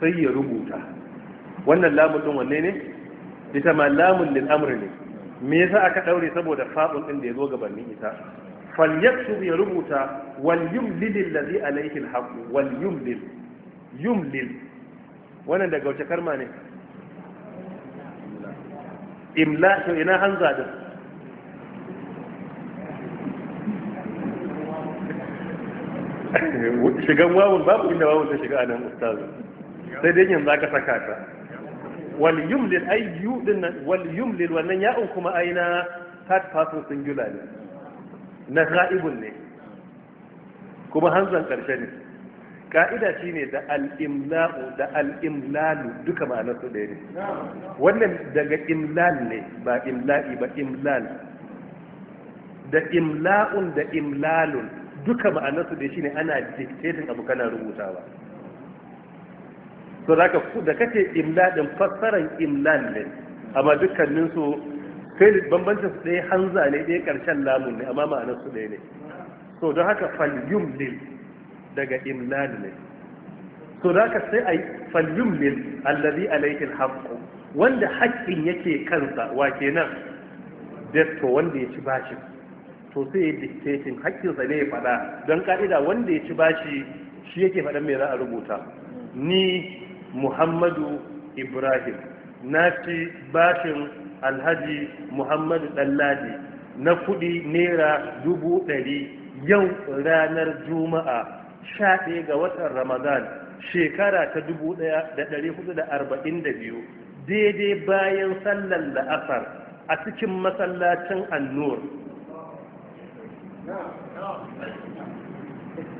sai ya rubuta wannan lamun din wanne ne ita ma lamun lil amri ne me yasa aka daure saboda fa'un ɗin da ya zo gabanin ita falyaktub ya rubuta wal yumlil alladhi alayhi alhaq wal yumlil yumlil wannan daga wace karma ne imla to ina hanza din shigan wawun babu inda wawun ta shiga anan ustaz sai dai yanzu aka saka ta wal yumlil ay yudin wal yumlil wannan ya'un kuma aina third person singular ne na ra'ibun ne kuma hanzan ƙarshe ne ka'ida shi ne da al'imla'u da al'imlalu duka ma'anarsu da ne wannan daga imlal ne ba imla'i ba imlal da imla'un da imlalun duka ma'anarsu da shi ne ana dictating abu kana rubutawa to zaka da kake imla din fassaran imlan ne amma dukkaninsu fi'il bambancin su ɗaya hanza ne ɗaya ƙarshen lamun ne amma ma'anar su ɗaya ne so don haka falyum lil daga imlal ne so za haka sai yi falyum lil allazi laifin haƙƙo. wanda haƙƙin yake kansa wa kenan detto wanda ya ci bashi to sai ya haƙƙinsa ne ya faɗa don ƙa'ida wanda ya ci bashi shi yake faɗa me za a rubuta ni muhammadu ibrahim na ci bashin alhaji muhammadu ɗanladi na kuɗi naira dubu ɗari yau ranar juma'a sha ɗaya ga watan ramadan shekara ta dubu ɗaya da ɗari hudu da arba'in da biyu daidai bayan sallar la'asar a cikin masallacin annur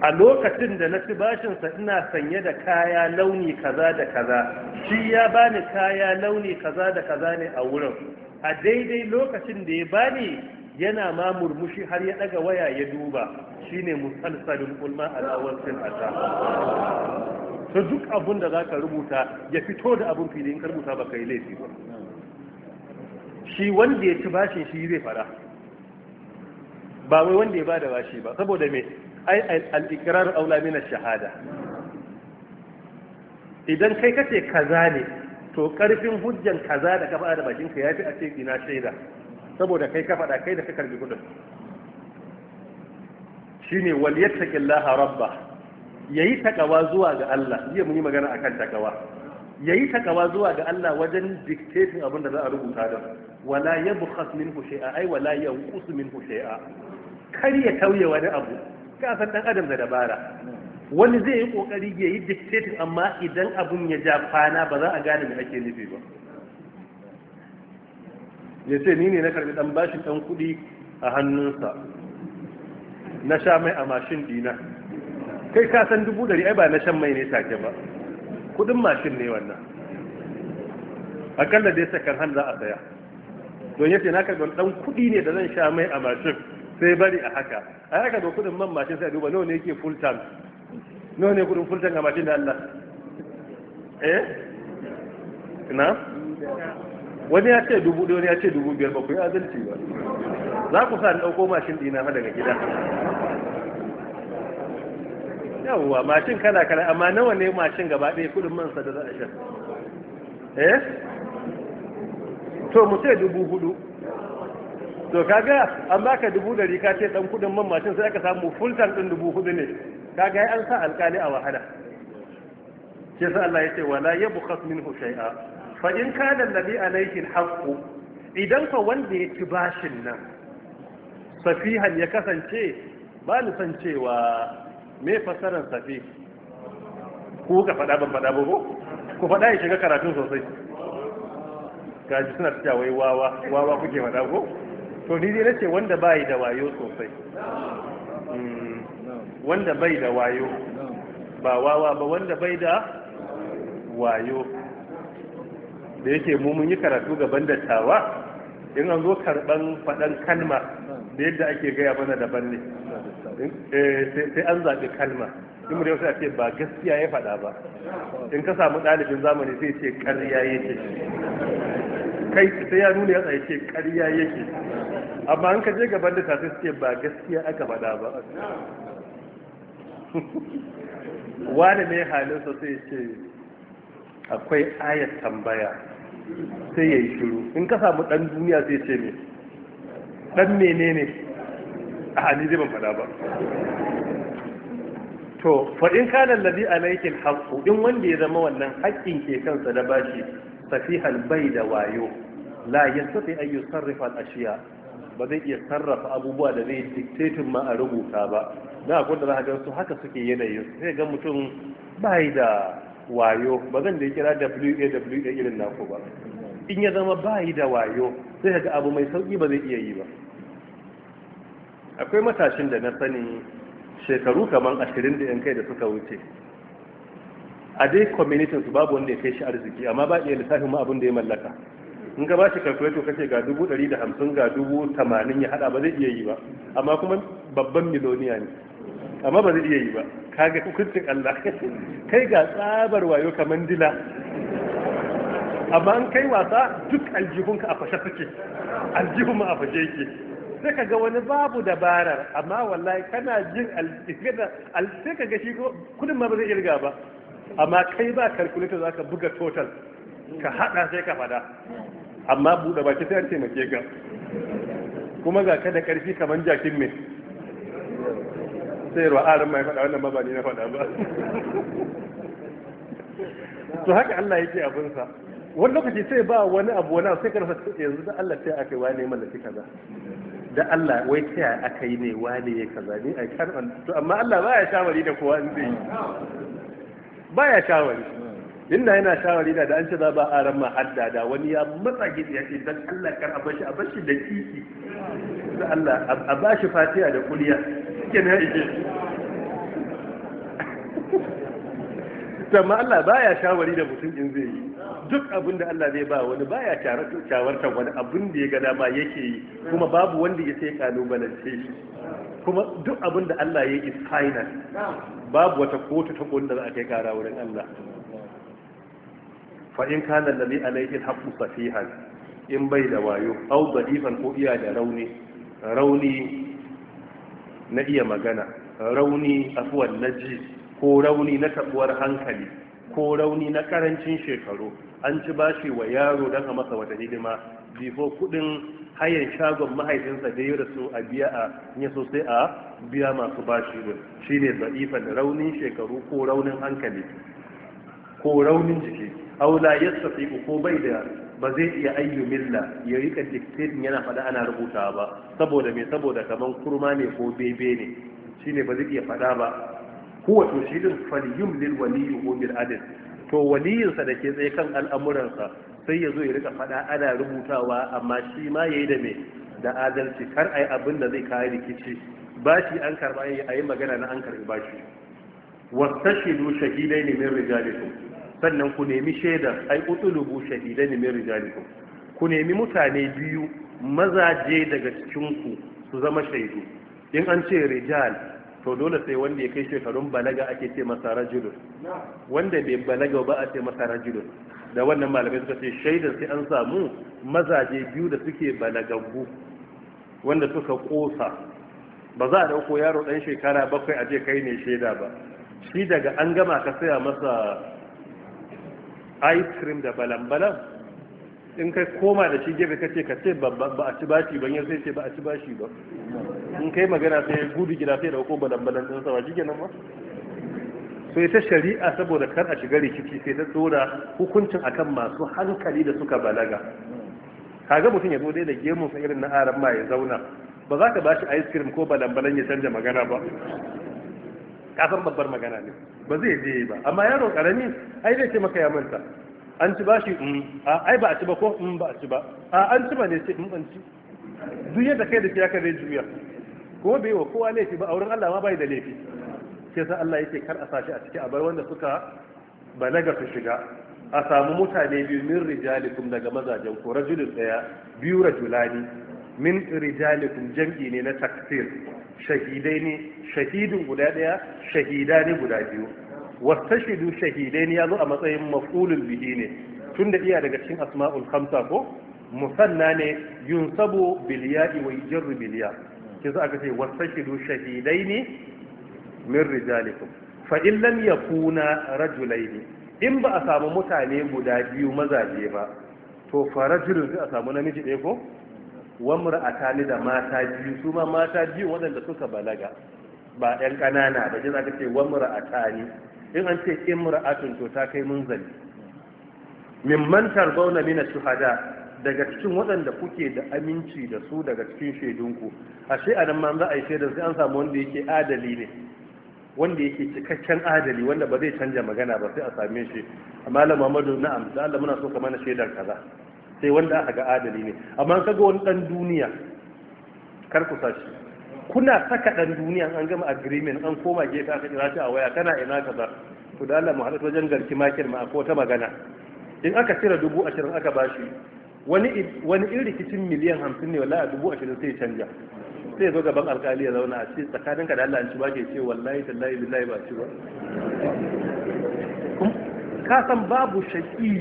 a lokacin da na ci bashinsa ina sanye da kaya launi kaza da kaza shi ya bani kaya launi kaza da kaza ne a wurin a daidai lokacin da ya bani yana ma murmushi har ya daga waya ya duba shi ne musalsalin ulma alawar sin ta su duk abin da za ka rubuta ya fito da abin fili in ka rubuta ba yi laifi ba shi wanda ya ci bashin shi zai fara ba wai wanda ya bada bashi ba saboda me ai al-iqrar aula min ash-shahada idan kai kace kaza ne to karfin hujjan kaza da ka faɗa da bakin ka yafi a ce ina shaida saboda kai ka faɗa kai da ka karbi gudun shine wal yattaqillaha rabba yayi takawa zuwa ga Allah jiya mun yi magana akan takawa yayi takawa zuwa ga Allah wajen dictating abin da za a rubuta da wala yabkhas minhu shay'a ay wala yanqus minhu shay'a kar ya tauye wani abu ka san dan adam da dabara wani zai yi kokari ya yi dictating amma idan abun ya ja kwana ba za a gane me ake nufi ba ya ce ni ne na karbi dan bashin dan kudi a hannunsa na sha mai a mashin dina kai ka san dubu dari ai ba na shan mai ne take ba kudin mashin ne wannan akalla dai sakan hannu za a saya don yace na karbi dan kudi ne da zan sha mai a mashin sai bari a haka a haka da kudin man mashin sai duba nawa ne yake full time nawa ne kudin full time a mashin da Allah eh na wani ya ce dubu wani ya ce dubu biyar ba ku yi azalci ba za ku sa ni ɗauko mashin ɗina ma daga gida yawwa mashin kala kala amma nawa ne mashin gaba ɗaya kudin man sa da za a sha eh to mu sai dubu hudu to kaga an baka dubu dari ka ce dan kudin man mashin sai aka samu full tank din dubu hudu ne kaga ai an sa alkali a wahala sai sa Allah ya ce wala yabqas minhu shay'a fa in kana alladhi alayhi alhaq idan fa wanda ya ci bashin nan safihan ya kasance ba ni san cewa me fasaran safi ku ka faɗa ban faɗa ba ko ku faɗa ya shiga karatun sosai ji suna cewa wai wawa wawa kuke faɗa ko to ni dai nace wanda bai da wayo sosai hmm. wanda bai da wayo ba wawa ba wanda bai da wayo da yake mu mun yi karatu gaban dattawa in an zo karban faɗan kalma da yadda ake gaya mana daban ne eh, sai an zaɓi kalma in mutum sai ce ba gaskiya ya faɗa ba in ka samu ɗalibin zamani sai ce karya ya kai sai ya nuna ya tsaye ce ƙarya yake amma an ka je gaban da tafi suke ba gaskiya aka faɗa ba wani mai halin sa sai ce akwai ayat tambaya sai ya yi shiru in ka samu ɗan duniya sai ce ne ɗan menene a hali zai ban faɗa ba to faɗin kanan kana a laikin haƙƙo in wanda ya zama wannan haƙƙin ke kansa da bashi safihal bai da wayo la yastati an yusarrifa al-ashiya ba zai iya sarrafa abubuwa da zai dictating ma a rubuta ba Da akwai da za ga su haka suke yanayin sai ga mutum bai da wayo ba zan da kira WAWA irin naku ba in ya zama bai da wayo sai ga abu mai sauki ba zai iya yi ba akwai matashin da na sani shekaru kamar ashirin da yan kai da suka wuce a dai community su babu wanda ya kai shi arziki amma ba iya lissafin ma abin da ya mallaka in ka bashi calculator kace ga dubu ɗari da hamsin ga dubu tamanin ya haɗa ba zai iya yi ba amma kuma babban miloniya ne amma ba zai iya yi ba kaga hukuncin Allah kai ga tsabar wayo kamar dila amma an kai wasa duk aljihunka a fashe suke aljihun ma a fashe yake sai ka ga wani babu dabarar amma wallahi kana jin sai ka ga shi kudin ma ba zai irga ba amma kai ba calculator zaka buga total ka hada sai ka fada amma buɗe baki sai an taimake ka kuma ga ka da ƙarfi kamar jakin mai ruwa arin ah, mai faɗa wannan ba na faɗa ba to haka Allah yake sa. wani lokaci sai ba wani abu wani sai ka rasa yanzu da Allah sai aka yi wane mallaki kaza da Allah wai ta yaya aka yi ne wani ne kaza ne a kan to amma Allah baya shawari da kowa in zai yi baya shawari Inna yana shawari da an ce za ba a ran hadda da wani ya matsa gidi ya ce dan Allah kar a bashi a bashi da kiki da Allah a bashi fatiha da kuliya kike na ije amma Allah baya shawari da mutum in zai yi duk abin da Allah zai ba wani baya shawartar wani abin da ya ga ma yake yi kuma babu wanda ya sai kalubalance shi kuma duk abin da Allah ya yi is final babu wata kotu ta da za a kai kara wurin Allah fa in kana alladhi alayhi alhaqqu safihan in bai da wayo au da'ifan ko iya da rauni rauni na iya magana rauni afuwan naji ko rauni na tabuwar hankali ko rauni na karancin shekaru an ci bashi wa yaro don a masa wata hidima bifo kudin hayan shagon mahaifinsa da ya rasu a biya a ya sosai a biya masu bashi ne, shi ne shine da'ifan raunin shekaru ko raunin hankali ko raunin jiki aula ya safi ko bai da ba zai iya ayyu milla ya rika dictating yana fada ana rubuta ba saboda me saboda kaman kurma ne ko bebe ne shine ba zai iya faɗa ba ko wato shi din falyum lil waliyyi ko bil adil to waliyinsa da ke tsaye kan al'amuransa sai ya zo ya rika faɗa ana rubutawa amma shi ma yayi da me da adalci kar ai abin da zai kawo rikici bashi an karba yayi magana na an karbi bashi wastashidu shahidaini min rijalikum sannan ku nemi shaidar ai utulubu shahidan min rijalikum ku nemi mutane biyu mazaje daga cikin ku su zama shaidu in an ce rijal to dole sai wanda ya kai shekarun balaga ake ce masa rajulun wanda bai balaga ba a ce masa rajulun da wannan malamai suka ce shaidar sai an samu mazaje biyu da suke balagaggu wanda suka kosa ba za a dauko yaro dan shekara bakwai a je kai ne shaida ba shi daga an gama ka saya masa ice cream da balambalan in kai koma da shi gefe kace ka ce ba a ci bashi ban yau sai ce ba a ci bashi ba in kai magana sai gudu gida sai dauko balambalan din sa ba shi kenan ba so ita shari'a saboda kar a shiga rikici sai ta tsora hukuncin akan masu hankali da suka balaga kaga mutum ya zo dai da gemun sa irin na aran ma ya zauna ba za ka bashi ice cream ko balambalan ya canja magana ba kasan babbar magana ne ba zai je ba amma yaro karami ai zai ce maka ya manta an ci bashi in mm. a ai ba a ci ba ko in mm, ba a ci ba a an ci ba ne ce in mm, ban ci duniya da kai da ke aka zai juya kuma bai wa kowa laifi ba auren Allah ma bai da laifi sai sa Allah yake kar a sashi a ciki a bar wanda suka balaga su shiga a samu mutane biyu min rijalikum daga mazajen ko rajulun daya biyu rajulani min rijalikum jam'i ne na taksir. shahidai ne shahidin guda daya shahida ne guda biyu wastashidu shahidai ne ya zo a matsayin maf'ulun bihi ne tunda iya daga cikin asma'ul khamsa ko musanna ne yunsabu bil ya'i wa yajru bil ya kisa aka ce wastashidu shahidai ne min rijalikum fa in lam yakuna rajulaini in ba a samu mutane guda biyu mazaje ba to fa rajulun sai a samu namiji ɗaya ko Wamura a tani da mata biyu su ma mata biyu waɗanda suka balaga ba ɗan ƙanana ba ji za ce wamura a tani in an ce imra'atun to ta kai mun munzali min man tarbauna min shuhada daga cikin waɗanda kuke da aminci da su daga cikin shaidunku ashe a nan ma za a yi shaidar sai an samu wanda yake adali ne wanda yake cikakken adali wanda ba zai canja magana ba sai a same shi malam Muhammadu na'am da Allah muna so ka mana shaidar kaza sai wanda aka ga adali ne amma kaga wani dan duniya kar ku sashi kuna saka dan duniya an gama agreement an koma gefe aka jira shi a waya kana ina kaza to da Allah mu haɗu wajen garki makin ma ko ta magana in aka cire dubu ashirin aka bashi wani wani irin rikicin miliyan hamsin ne wallahi a dubu ashirin sai canja sai zo gaban alkali ya zauna a ce tsakaninka da Allah an ci bake ke ce wallahi tallahi billahi ba ci ba ka san babu shaƙi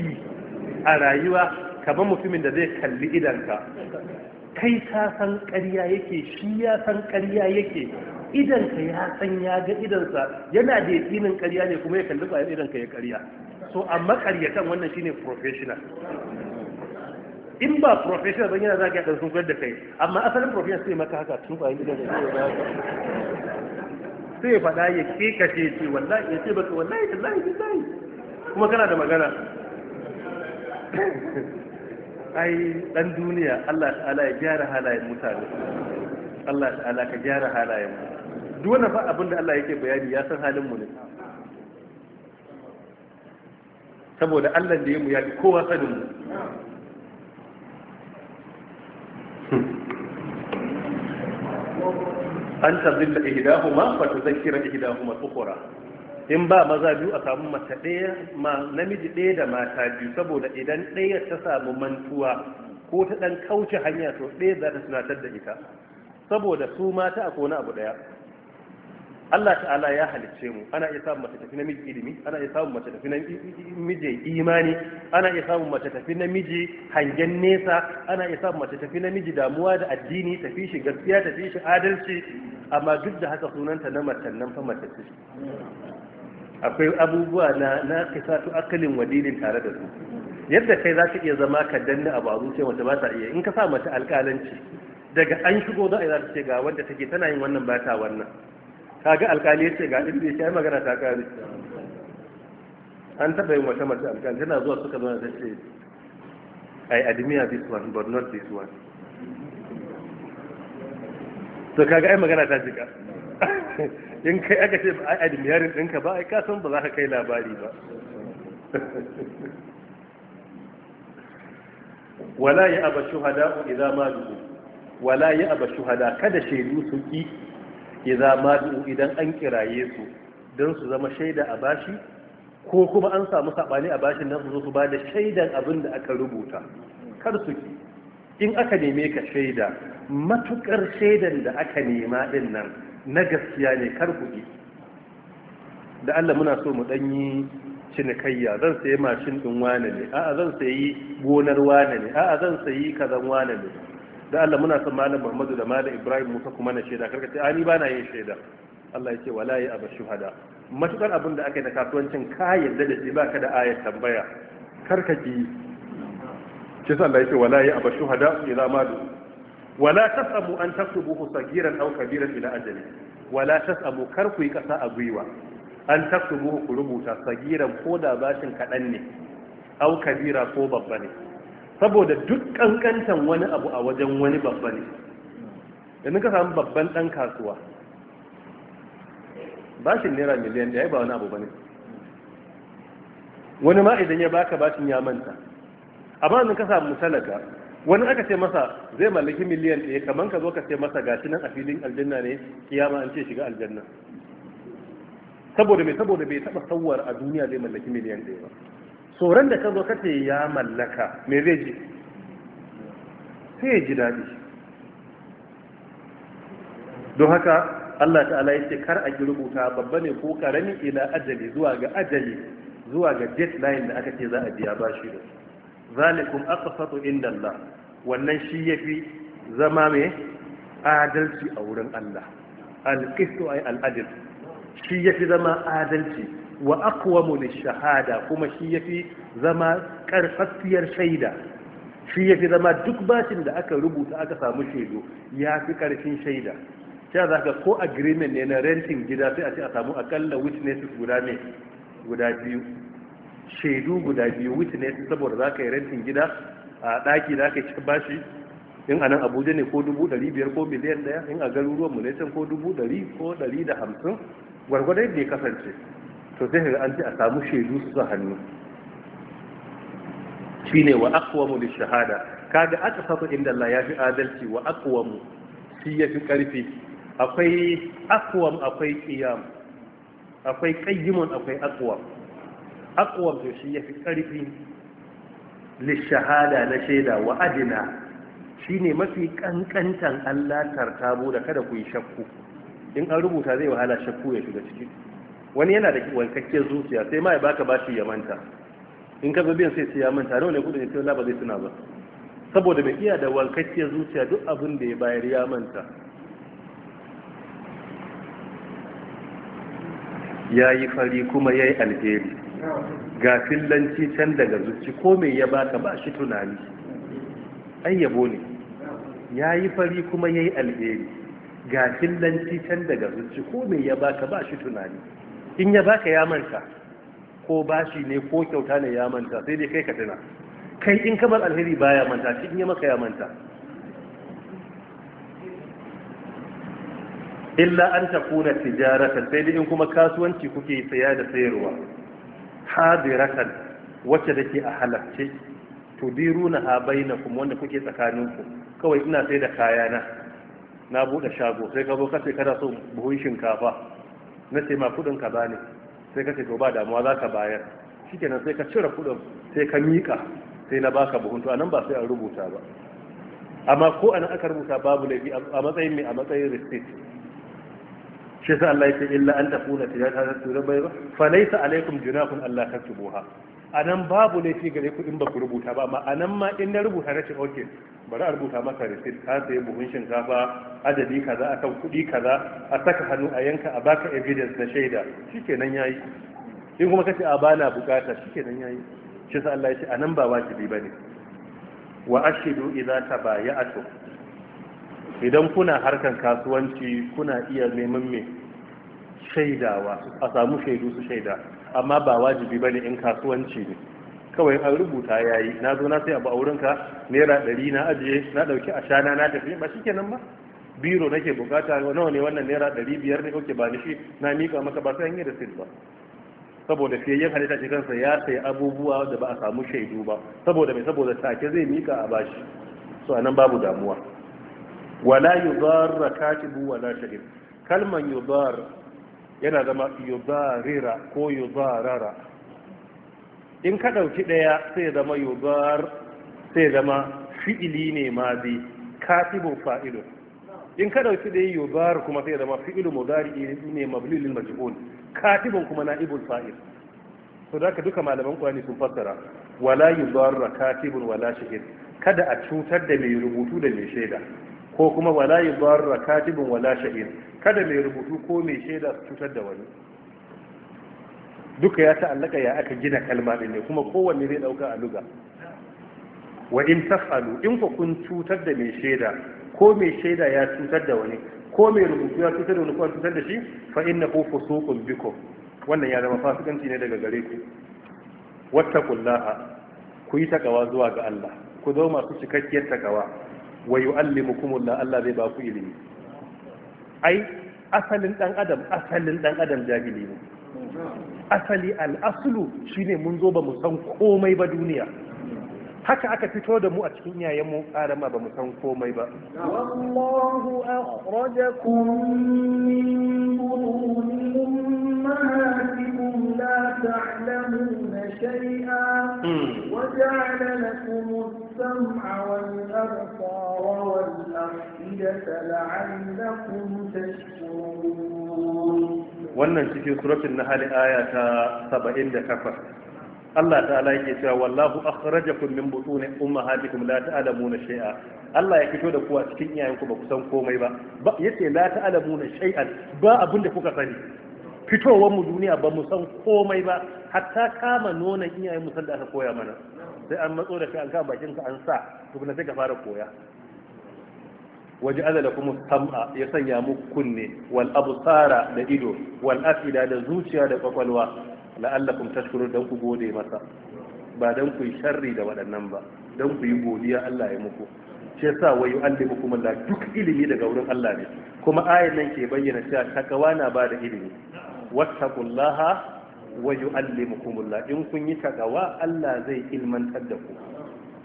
a rayuwa kamar mutumin da zai kalli idanka kai ka san ƙarya yake shi ya san ƙarya yake idanka ya san ya ga idansa yana da yakinin ƙarya ne kuma ya kalli ƙwayar idanka ya ƙarya so amma ƙaryatan wannan shine professional in ba professional ban yana za ka ɗan sunkar da kai amma asalin professional sai maka haka tun ƙwayar idanka ya ba sai ya faɗa ya ce wallahi ya ce baka wallahi wallahi kuma kana da magana ai dan duniya Allah ta'ala ya gyara halayen mutane Allah ta'ala ka gyara halayen mu duk wanda ba abin da Allah yake bayani ya san halin mu ne saboda Allah da ya ya fi kowa sanin mu an tazilla ihdahuma fa tuzakkira ihdahuma ukhra in ba maza biyu a samu mace ɗaya ma namiji ɗaya da mata biyu saboda idan ɗaya ta samu mantuwa ko ta ɗan kauce hanya to ɗaya za ta tunatar da ita saboda su mata a kona abu ɗaya Allah ta'ala ya halicce mu ana iya samun mace tafi namiji ilimi ana iya samun mace tafi namiji imani ana iya samun mace tafi namiji hangen nesa ana iya samun mace tafi namiji damuwa da addini tafi shi gaskiya tafi shi adalci amma duk da haka sunanta na mace nan fa mace ce akwai abubuwa na na kisatu akalin wadilin tare da su yadda kai za ka iya zama ka danna abu a zuciya wata ba ta iya in ka sa mace alƙalanci daga an shigo za a yi za ta ce ga wanda take tana yin wannan ba ta wannan kaga alkali ya ce ga inda ya yi magana ta kare an taɓa yin wata mace alkali tana zuwa suka zo ta ce i admire this one but not this one to kaga ai magana ta jika in kai aka ce ai admiring ɗinka ba ai ka san ba za ka kai labari ba wala ya aba shuhada idza ma wala ya aba shuhada kada shaidu su ki idza madu idan an kiraye su don su zama shaida a bashi ko kuma an samu saɓani a bashin nan su ba da shaidan abin da aka rubuta kar su ki in aka neme ka shaida matukar shaidan da aka nema din nan na gaskiya ne kar ku ki da Allah muna so mu danyi cinikayya zan sayi mashin ɗin wane ne a'a zan sayi gonar wane ne a'a zan sayi kazan wane ne da Allah muna son malam Muhammadu da malam Ibrahim Musa kuma na shaida karka ce ani bana yin shaida Allah ya ce wala ya aba shuhada matukar abin da aka yi na kasuwancin ka yarda da shi baka da ayat tambaya karka ji shi sa Allah ya ce wala ya aba shuhada idza madu wala tasamu an taktubuhu sagiran aw kabiran ila ajali wala tasamu kar ku yi kasa a gwiwa an taktubuhu ku rubuta sagiran ko da bashin kadan ne aw kabira ko babba ne saboda duk kankantan wani abu a wajen wani babba ne yanzu ka samu babban dan kasuwa bashin naira miliyan da ya ba wani abu ba ne. wani ma idan ya baka bashin ya manta amma yanzu ka samu talaka wani aka ce masa zai mallaki miliyan ɗaya kamar ka zo ka ce masa gashi nan a filin aljanna ne kiyama an ce shiga aljanna saboda mai saboda bai taba sauwar a duniya zai mallaki miliyan ɗaya ba tsoron da ka zo kace ya mallaka me zai ji sai ya ji daɗi don haka Allah ta'ala ya ce kar a ƙi rubuta babba ne ko karami ila ajali zuwa ga ajali zuwa ga deadline da aka ce za a biya bashi da zalikum aqsatu inda Allah wannan shi yafi zama mai adalci a wurin Allah al-qistu ay al-adl shi yafi zama adalci wa aqwamu lishahada kuma shi yafi zama karfafiyar shaida shi yafi zama duk bashin da aka rubuta aka samu ya yafi karfin shaida ta zaka ko agreement ne na renting gida sai a ce a samu akalla witnesses guda ne guda biyu shaidu guda biyu witnesses saboda zaka yi renting gida a daki da aka ci bashi in anan abuja ne ko dubu ɗari biyar ko miliyan ɗaya in a garuruwan mu ne ko dubu ɗari ko ɗari da hamsin gwargwadon da kasance to zai ga an ji a samu shaidu su hannu Shi ne wa da shahada kaga aka fata inda Allah ya fi adalci wa akwamu shi ya fi karfi akwai akwam akwai kiyam akwai kayyimun akwai akwam akwam to shi ya fi karfi shahada na shaida wa adina ne mafi kankantan Allah tartabo da kada ku yi shakku in an rubuta zai wahala shakku ya shiga ciki wani yana da wankakken zuciya sai ma ya baka bashi ya manta in ka zo biyan sai sai ya manta nawa ne kudin sai ba zai tuna ba saboda mai iya da wankakken zuciya duk abin da ya bayar ya manta ya yi fari kuma ya yi alheri ga fillanci can daga zuci ko mai ya baka ba shi tunani ai yabo ne ya yi fari kuma ya yi alheri ga fillanci can daga zuci ko mai ya baka ba shi tunani in ya baka ya ko bashi ne ko kyauta ne ya manta sai dai kai ka tuna kai in kamar alheri baya manta shi in ya maka ya manta illa an ta kuna tijaratan sai dai in kuma kasuwanci kuke saya da sayarwa hadiratan wacce dake a halacce na ha kuma wanda kuke tsakaninku kawai ina sai da kayana na buɗe shago sai ka zo ka kana so buhun shinkafa na ce ma kudin ka bani sai ka ce to ba damuwa za ka bayar shikenan sai ka cire kudin sai ka mika sai na baka buhun to anan ba sai an rubuta ba amma ko anan aka rubuta babu laifi a matsayin mai a matsayin receipt shi sa Allah ya ce illa an tafuna tijarata ta tura bai ba fa laysa alaikum junahun Allah buha. a nan babu laifi gare ku in ba ku rubuta ba amma a ma in na rubuta na ce ok bari a rubuta maka receipt ka sayi buhun shinkafa adadi kaza akan kuɗi kaza a saka hannu a yanka a baka evidence na shaida shikenan yayi in kuma kace a bana bukata shikenan yayi shi sa Allah ya ce a ba wajibi bane wa ashidu idza tabaya'tu idan kuna harkan kasuwanci kuna iya neman me shaidawa a samu shaidu su shaida amma ba wajibi bane in kasuwanci ne kawai an rubuta yayi na zo na sai abu wurinka naira ɗari na ajiye na ɗauki shana na tafi ba shikenan ba biro nake bukata nawa ne wannan naira ɗari biyar ne kake ba ni shi na mika maka ba sai an yi da ba saboda fiyayyen halitta shi kansa ya sayi abubuwa da ba a samu shaidu ba saboda mai saboda take zai mika a bashi so anan babu damuwa wala yudar katibu wala shahid kalman yudar yana zama yubarira ko yubarara in ka ɗauki ɗaya sai zama yubar sai zama fi'ili ne ma mazi katibu fa'ilu in ka ɗauki ɗaya yubar kuma sai zama fi'ilu mudari ne mablilin majhul katibun kuma na'ibul fa'il to da duka malaman kwani sun fassara wala yubarra katibun wala shahid kada a cutar da mai rubutu da mai shaida ko kuma wala yubarra katibun wala shahid kada mai rubutu ko mai shaida su cutar da wani duka ya ta'allaka ya aka gina kalma din ne kuma kowanne zai dauka a luga wa in tasalu in ku kun cutar da mai shaida ko mai shaida ya cutar da wani ko mai rubutu ya cutar da wani ko an cutar da shi fa inna innahu fusuqun bikum wannan ya zama fasikanci ne daga gare ku wattaqullaha ku yi takawa zuwa ga Allah ku zo masu cikakkiyar takawa wa yu'allimukumullahu Allah zai ba ku ilimi ai asalin dan adam asalin dan adam jahili ne asali al al-aslu shine mun zo ba mu san komai ba duniya haka aka fito da mu a cikin yayan mu karama ba mu san komai ba wallahu akhrajakum min burunin ummahatikum la ta'lamuna shay'a hmm. wa ja'ala lakum as-sam'a wal absara wal afidata la'allakum tashkurun wannan cikin suratul nahl aya ta 78 Allah ta'ala yake cewa wallahu akhrajakum min butuni ummahatikum la ta'lamuna shay'a Allah ya fito da ku a cikin iyayenku ba ku san komai ba yace la ta'lamuna shay'an ba abin da kuka sani fitowar mu duniya ba mu san komai ba hatta kama nonon iyayen mu da aka koya mana sai an matso da ka an kama bakin ka an sa tukuna sai ka fara koya waje azala kuma sam'a ya sanya muku kunne wal absara da ido wal afida da zuciya da kwakwalwa la'allakum tashkurun dan ku gode masa ba dan ku yi sharri da waɗannan ba dan ku yi godiya Allah ya muku ce sa wa kum Allah duk ilimi daga wurin Allah ne kuma ayan nan ke bayyana cewa takawa na ba da ilimi wattaqullaha wa yu'allimukum Allah in kun yi takawa Allah zai ilmantar da ku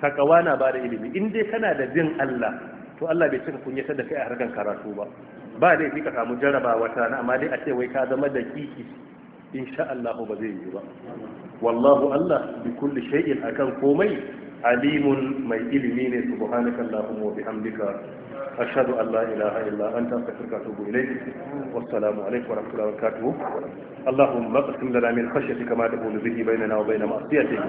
takawa na ba da ilimi in dai kana da bin Allah to Allah bai cika kun ta da kai a harkan karatu ba ba dai ka samu jarabawa ta na amma dai a ce wai ka zama da kiki In sha'allahu ba zai yi ba wallahu Allah bi kulli shay'in akan komai alimun mai ilimi ne subhanakallahumma wa bihamdika أشهد أن لا إله إلا أنت أستغفرك وأتوب إليك والسلام عليكم ورحمة الله وبركاته اللهم اقسم لنا من خشيتك ما تقول به بيننا وبين معصيتك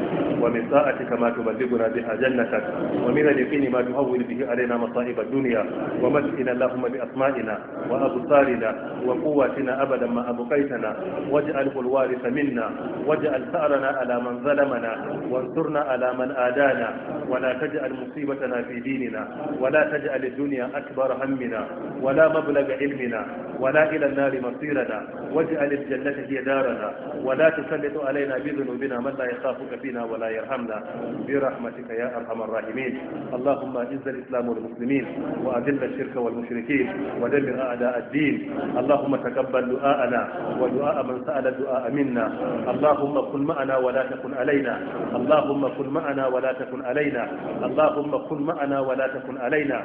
ومن طاعتك ما تبلغنا بها جنتك ومن اليقين ما تهون به علينا مصائب الدنيا ومسئنا اللهم بأسمائنا وأبصارنا وقواتنا أبدا ما أبقيتنا واجعله الوارث منا واجعل ثأرنا على من ظلمنا وانصرنا على من آدانا ولا تجعل مصيبتنا في ديننا ولا تجعل الدنيا الدنيا أكبر همنا ولا مبلغ علمنا ولا إلى النار مصيرنا واجعل الجنة هي دارنا ولا تسلط علينا بذنوبنا من لا يخافك فينا ولا يرحمنا برحمتك يا أرحم الراحمين اللهم أعز الإسلام والمسلمين وأذل الشرك والمشركين ودمر أعداء الدين اللهم تقبل دعاءنا ودعاء من سأل الدعاء منا اللهم كن معنا ولا تكن علينا اللهم كن معنا ولا تكن علينا اللهم كن معنا ولا تكن علينا